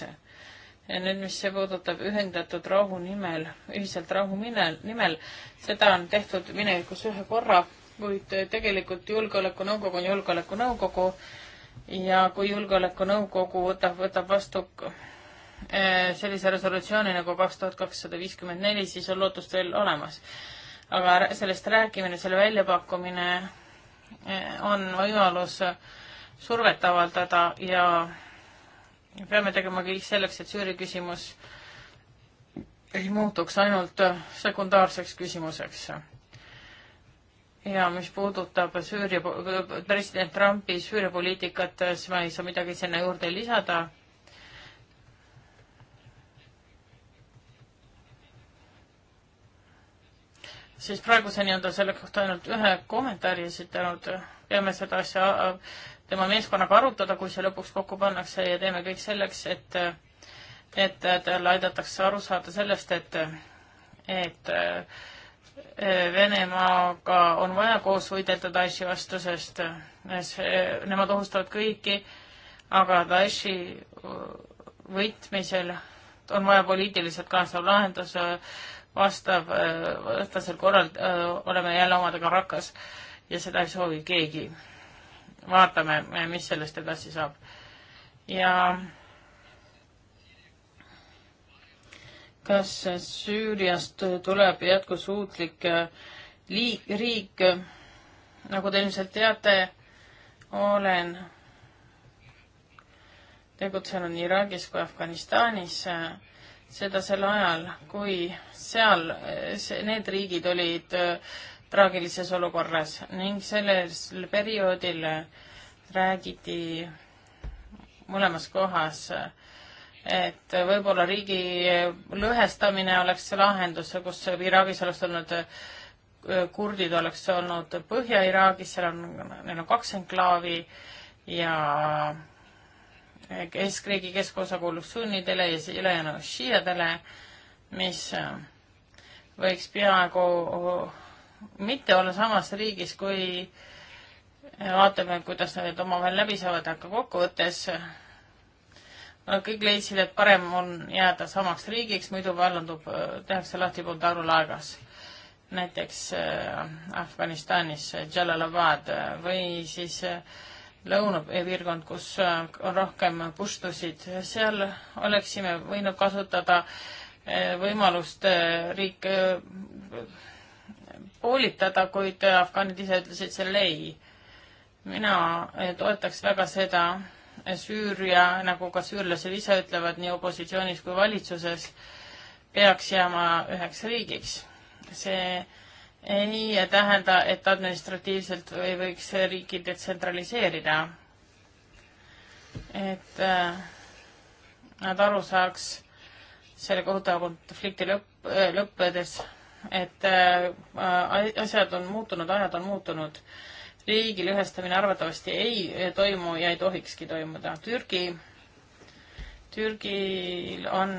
ja nüüd, mis puudutab ühendatud rahu nimel, ühiselt rahu nimel, nimel, seda on tehtud minevikus ühe korra, kuid tegelikult Julgeolekunõukogu on Julgeolekunõukogu ja kui Julgeolekunõukogu võtab, võtab vastu Eh, sellise resolutsiooni nagu kaks tuhat kakssada viiskümmend neli, siis on lootust veel olemas. aga sellest rääkimine, selle väljapakkumine eh, on võimalus survet avaldada ja peame tegema kõik selleks, et Süüria küsimus ei muutuks ainult sekundaarseks küsimuseks. ja mis puudutab Süüria, president Trumpi Süüria poliitikat, siis ma ei saa midagi sinna juurde lisada siis praeguseni on ta selle kohta ainult ühe kommentaari esitanud. peame seda asja äh, tema meeskonnaga arutada, kui see lõpuks kokku pannakse ja teeme kõik selleks, et, et talle aidatakse aru saada sellest, et, et äh, Venemaaga on vaja koos võidelda Daeshi vastu, sest äh, nemad ohustavad kõiki, aga Daeshi võitmisel on vaja poliitiliselt kaasav lahendus vastav, äh, vastasel korral äh, oleme jälle omadega rakas ja seda ei soovi keegi. vaatame, mis sellest edasi saab. ja kas Süüriast tuleb jätkusuutlik äh, liik, riik, nagu te ilmselt teate, olen tegutsenud nii Iraagis kui Afganistanis äh, seda sel ajal, kui seal see, need riigid olid äh, traagilises olukorras ning sellel perioodil räägiti mõlemas kohas, et võib-olla riigi lõhestamine oleks lahendus, kus Iraagis oleks olnud äh, kurdid oleks olnud Põhja-Iraagis, seal on, neil on kaks enklaavi ja keskriigi keskosa kuulub sunnidele ja ülejäänu šiiadele, mis äh, võiks peaaegu mitte olla samas riigis, kui äh, vaatame, kuidas nad omavahel läbi saavad, aga kokkuvõttes äh, kõik leidsid, et parem on jääda samaks riigiks, muidu vallandub, tehakse lahti Bundaru laegas. näiteks Afganistanis Jalalabad või siis lõunapiirkond, kus äh, on rohkem puštusid, seal oleksime võinud kasutada äh, võimalust äh, riik poolitada, kuid afgaanid ise ütlesid selle ei. mina toetaks väga seda Süüria, nagu ka süürlased ise ütlevad nii opositsioonis kui valitsuses, peaks jääma üheks riigiks. see ei tähenda, et administratiivselt või võiks riiki detsentraliseerida. et äh, nad aru saaks selle kohutava konflikti lõpp, äh, lõppedes, et äh, asjad on muutunud, ajad on muutunud. riigi lõhestamine arvatavasti ei toimu ja ei tohikski toimuda. Türgi Türgil on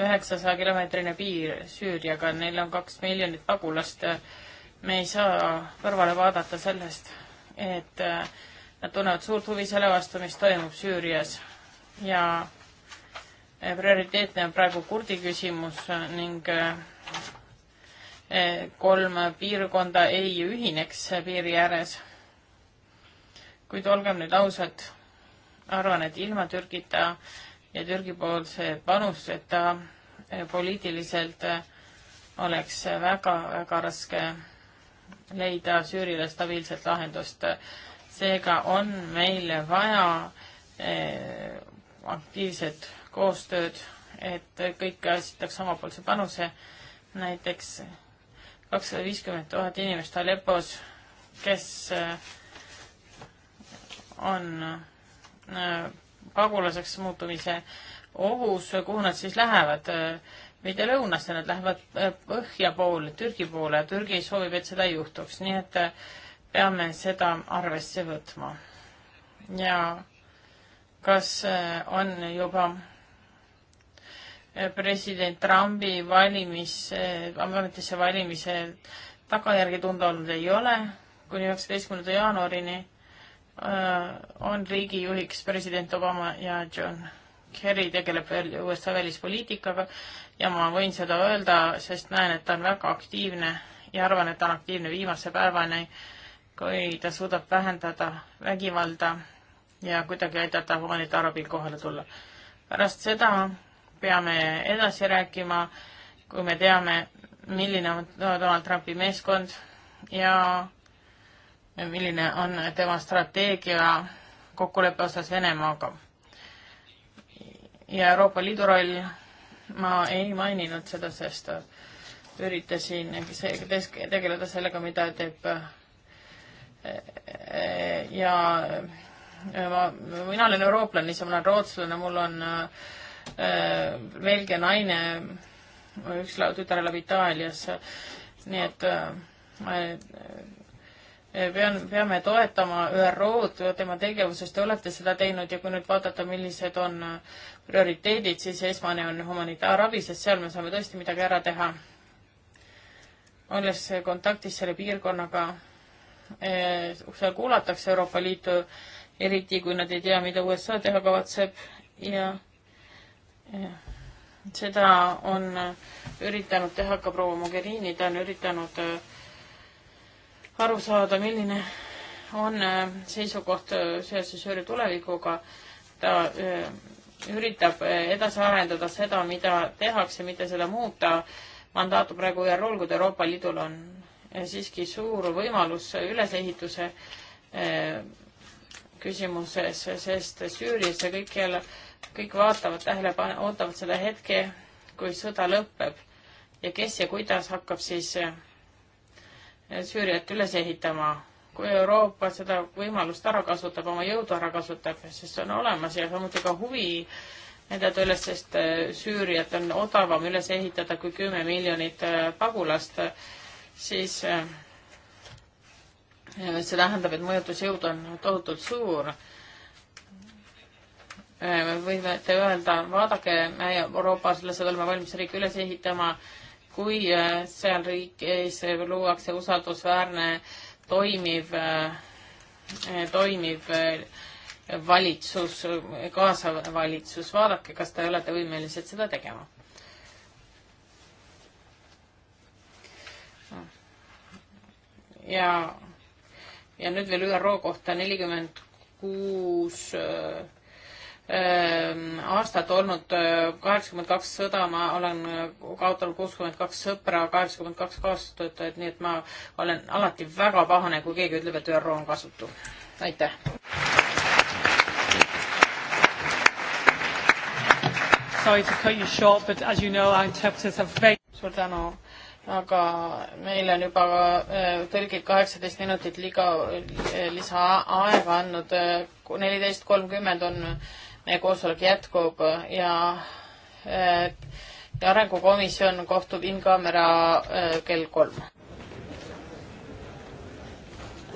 üheksasaja kilomeetrine piir Süüriaga, neil on kaks miljonit pagulast äh, me ei saa kõrvale vaadata sellest, et äh, nad tunnevad suurt huvi selle vastu, mis toimub Süürias ja äh, prioriteetne on praegu kurdi küsimus äh, ning kolm piirkonda ei ühineks piiri ääres. kuid olgem nüüd ausad, arvan, et ilma Türgita ja Türgi-poolse panuseta poliitiliselt oleks väga-väga raske leida Süürile stabiilset lahendust. seega on meil vaja eh, aktiivset koostööd, et kõik esitaks omapoolse panuse, näiteks kakssada viiskümmend tuhat inimest Aleppos, kes eh, on eh, pagulaseks muutumise ohus, kuhu nad siis lähevad mitte lõunasse, nad lähevad äh, põhja poole, Türgi poole ja Türgi soovib, et seda ei juhtuks, nii et äh, peame seda arvesse võtma. ja kas äh, on juba president Trumpi valimis, ametisse valimise tagajärgi tunda olnud ei ole, kuni üheksateistkümnenda jaanuarini on riigijuhiks president Obama ja John Kerry tegeleb veel USA välispoliitikaga ja ma võin seda öelda, sest näen, et ta on väga aktiivne ja arvan, et ta on aktiivne viimase päevani, kui ta suudab vähendada vägivalda ja kuidagi aidata humanitaarabil kohale tulla. pärast seda peame edasi rääkima, kui me teame, milline on Donald Trumpi meeskond ja milline on tema strateegia kokkuleppe osas Venemaaga ja Euroopa Liidu roll, ma ei maininud seda, sest üritasin tegeleda sellega, mida teeb ja ma, mina olen eurooplane, ise ma olen rootslane, mul on Belgia naine, üks tütar elab Itaalias, nii et ma pean, peame toetama ÜRO-d tema tegevuses, te olete seda teinud ja kui nüüd vaadata, millised on äh, prioriteedid, siis esmane on humanitaarabi, sest seal me saame tõesti midagi ära teha. olles kontaktis selle piirkonnaga, äh, seal kuulatakse Euroopa Liitu, eriti kui nad ei tea, mida USA teha kavatseb ja, ja seda on äh, üritanud teha ka proua Mogherini, ta on üritanud äh, aru saada, milline on äh, seisukoht äh, seoses Jüri tulevikuga. ta äh, üritab edasi arendada seda, mida tehakse, mitte seda muuta. mandaat on praegu ÜRO-l, kuid Euroopa Liidul on siiski suur võimalus ülesehituse küsimuses, sest Süürias ja kõikjal kõik vaatavad tähelepanu, ootavad seda hetke, kui sõda lõpeb ja kes ja kuidas hakkab siis Süüriat üles ehitama. kui Euroopa seda võimalust ära kasutab, oma jõudu ära kasutab, siis on olemas ja samuti ka huvi näidata üles, sest äh, Süüriat on odavam üles ehitada kui kümme miljonit äh, pagulast, siis äh, see tähendab, et mõjutusjõud on tohutult suur. võime öelda, vaadake, me Euroopas oleme valmis riiki üles ehitama kui äh, seal riigis luuakse usaldusväärne toimiv, äh, toimiv äh, valitsus, kaasav valitsus, vaadake, kas te olete võimelised seda tegema. ja, ja nüüd veel ÜRO kohta nelikümmend kuus Ehm, aastat olnud äh, kaheksakümmend kaks sõda, ma olen äh, kaotanud kuuskümmend kaks sõpra, kaheksakümmend kaks kaastöötajat, nii et ma olen alati väga pahane, kui keegi ütleb, et ÜRO on kasutu. aitäh. Sorry to cut you short, but as you know, our interpreters are very suur tänu, aga meil on juba äh, tõlgid kaheksateist minutit liga, lisaaega andnud, neliteist kolmkümmend on meie koosolek jätkub ja, ja äh, arengukomisjon kohtub in kaamera äh, kell kolm.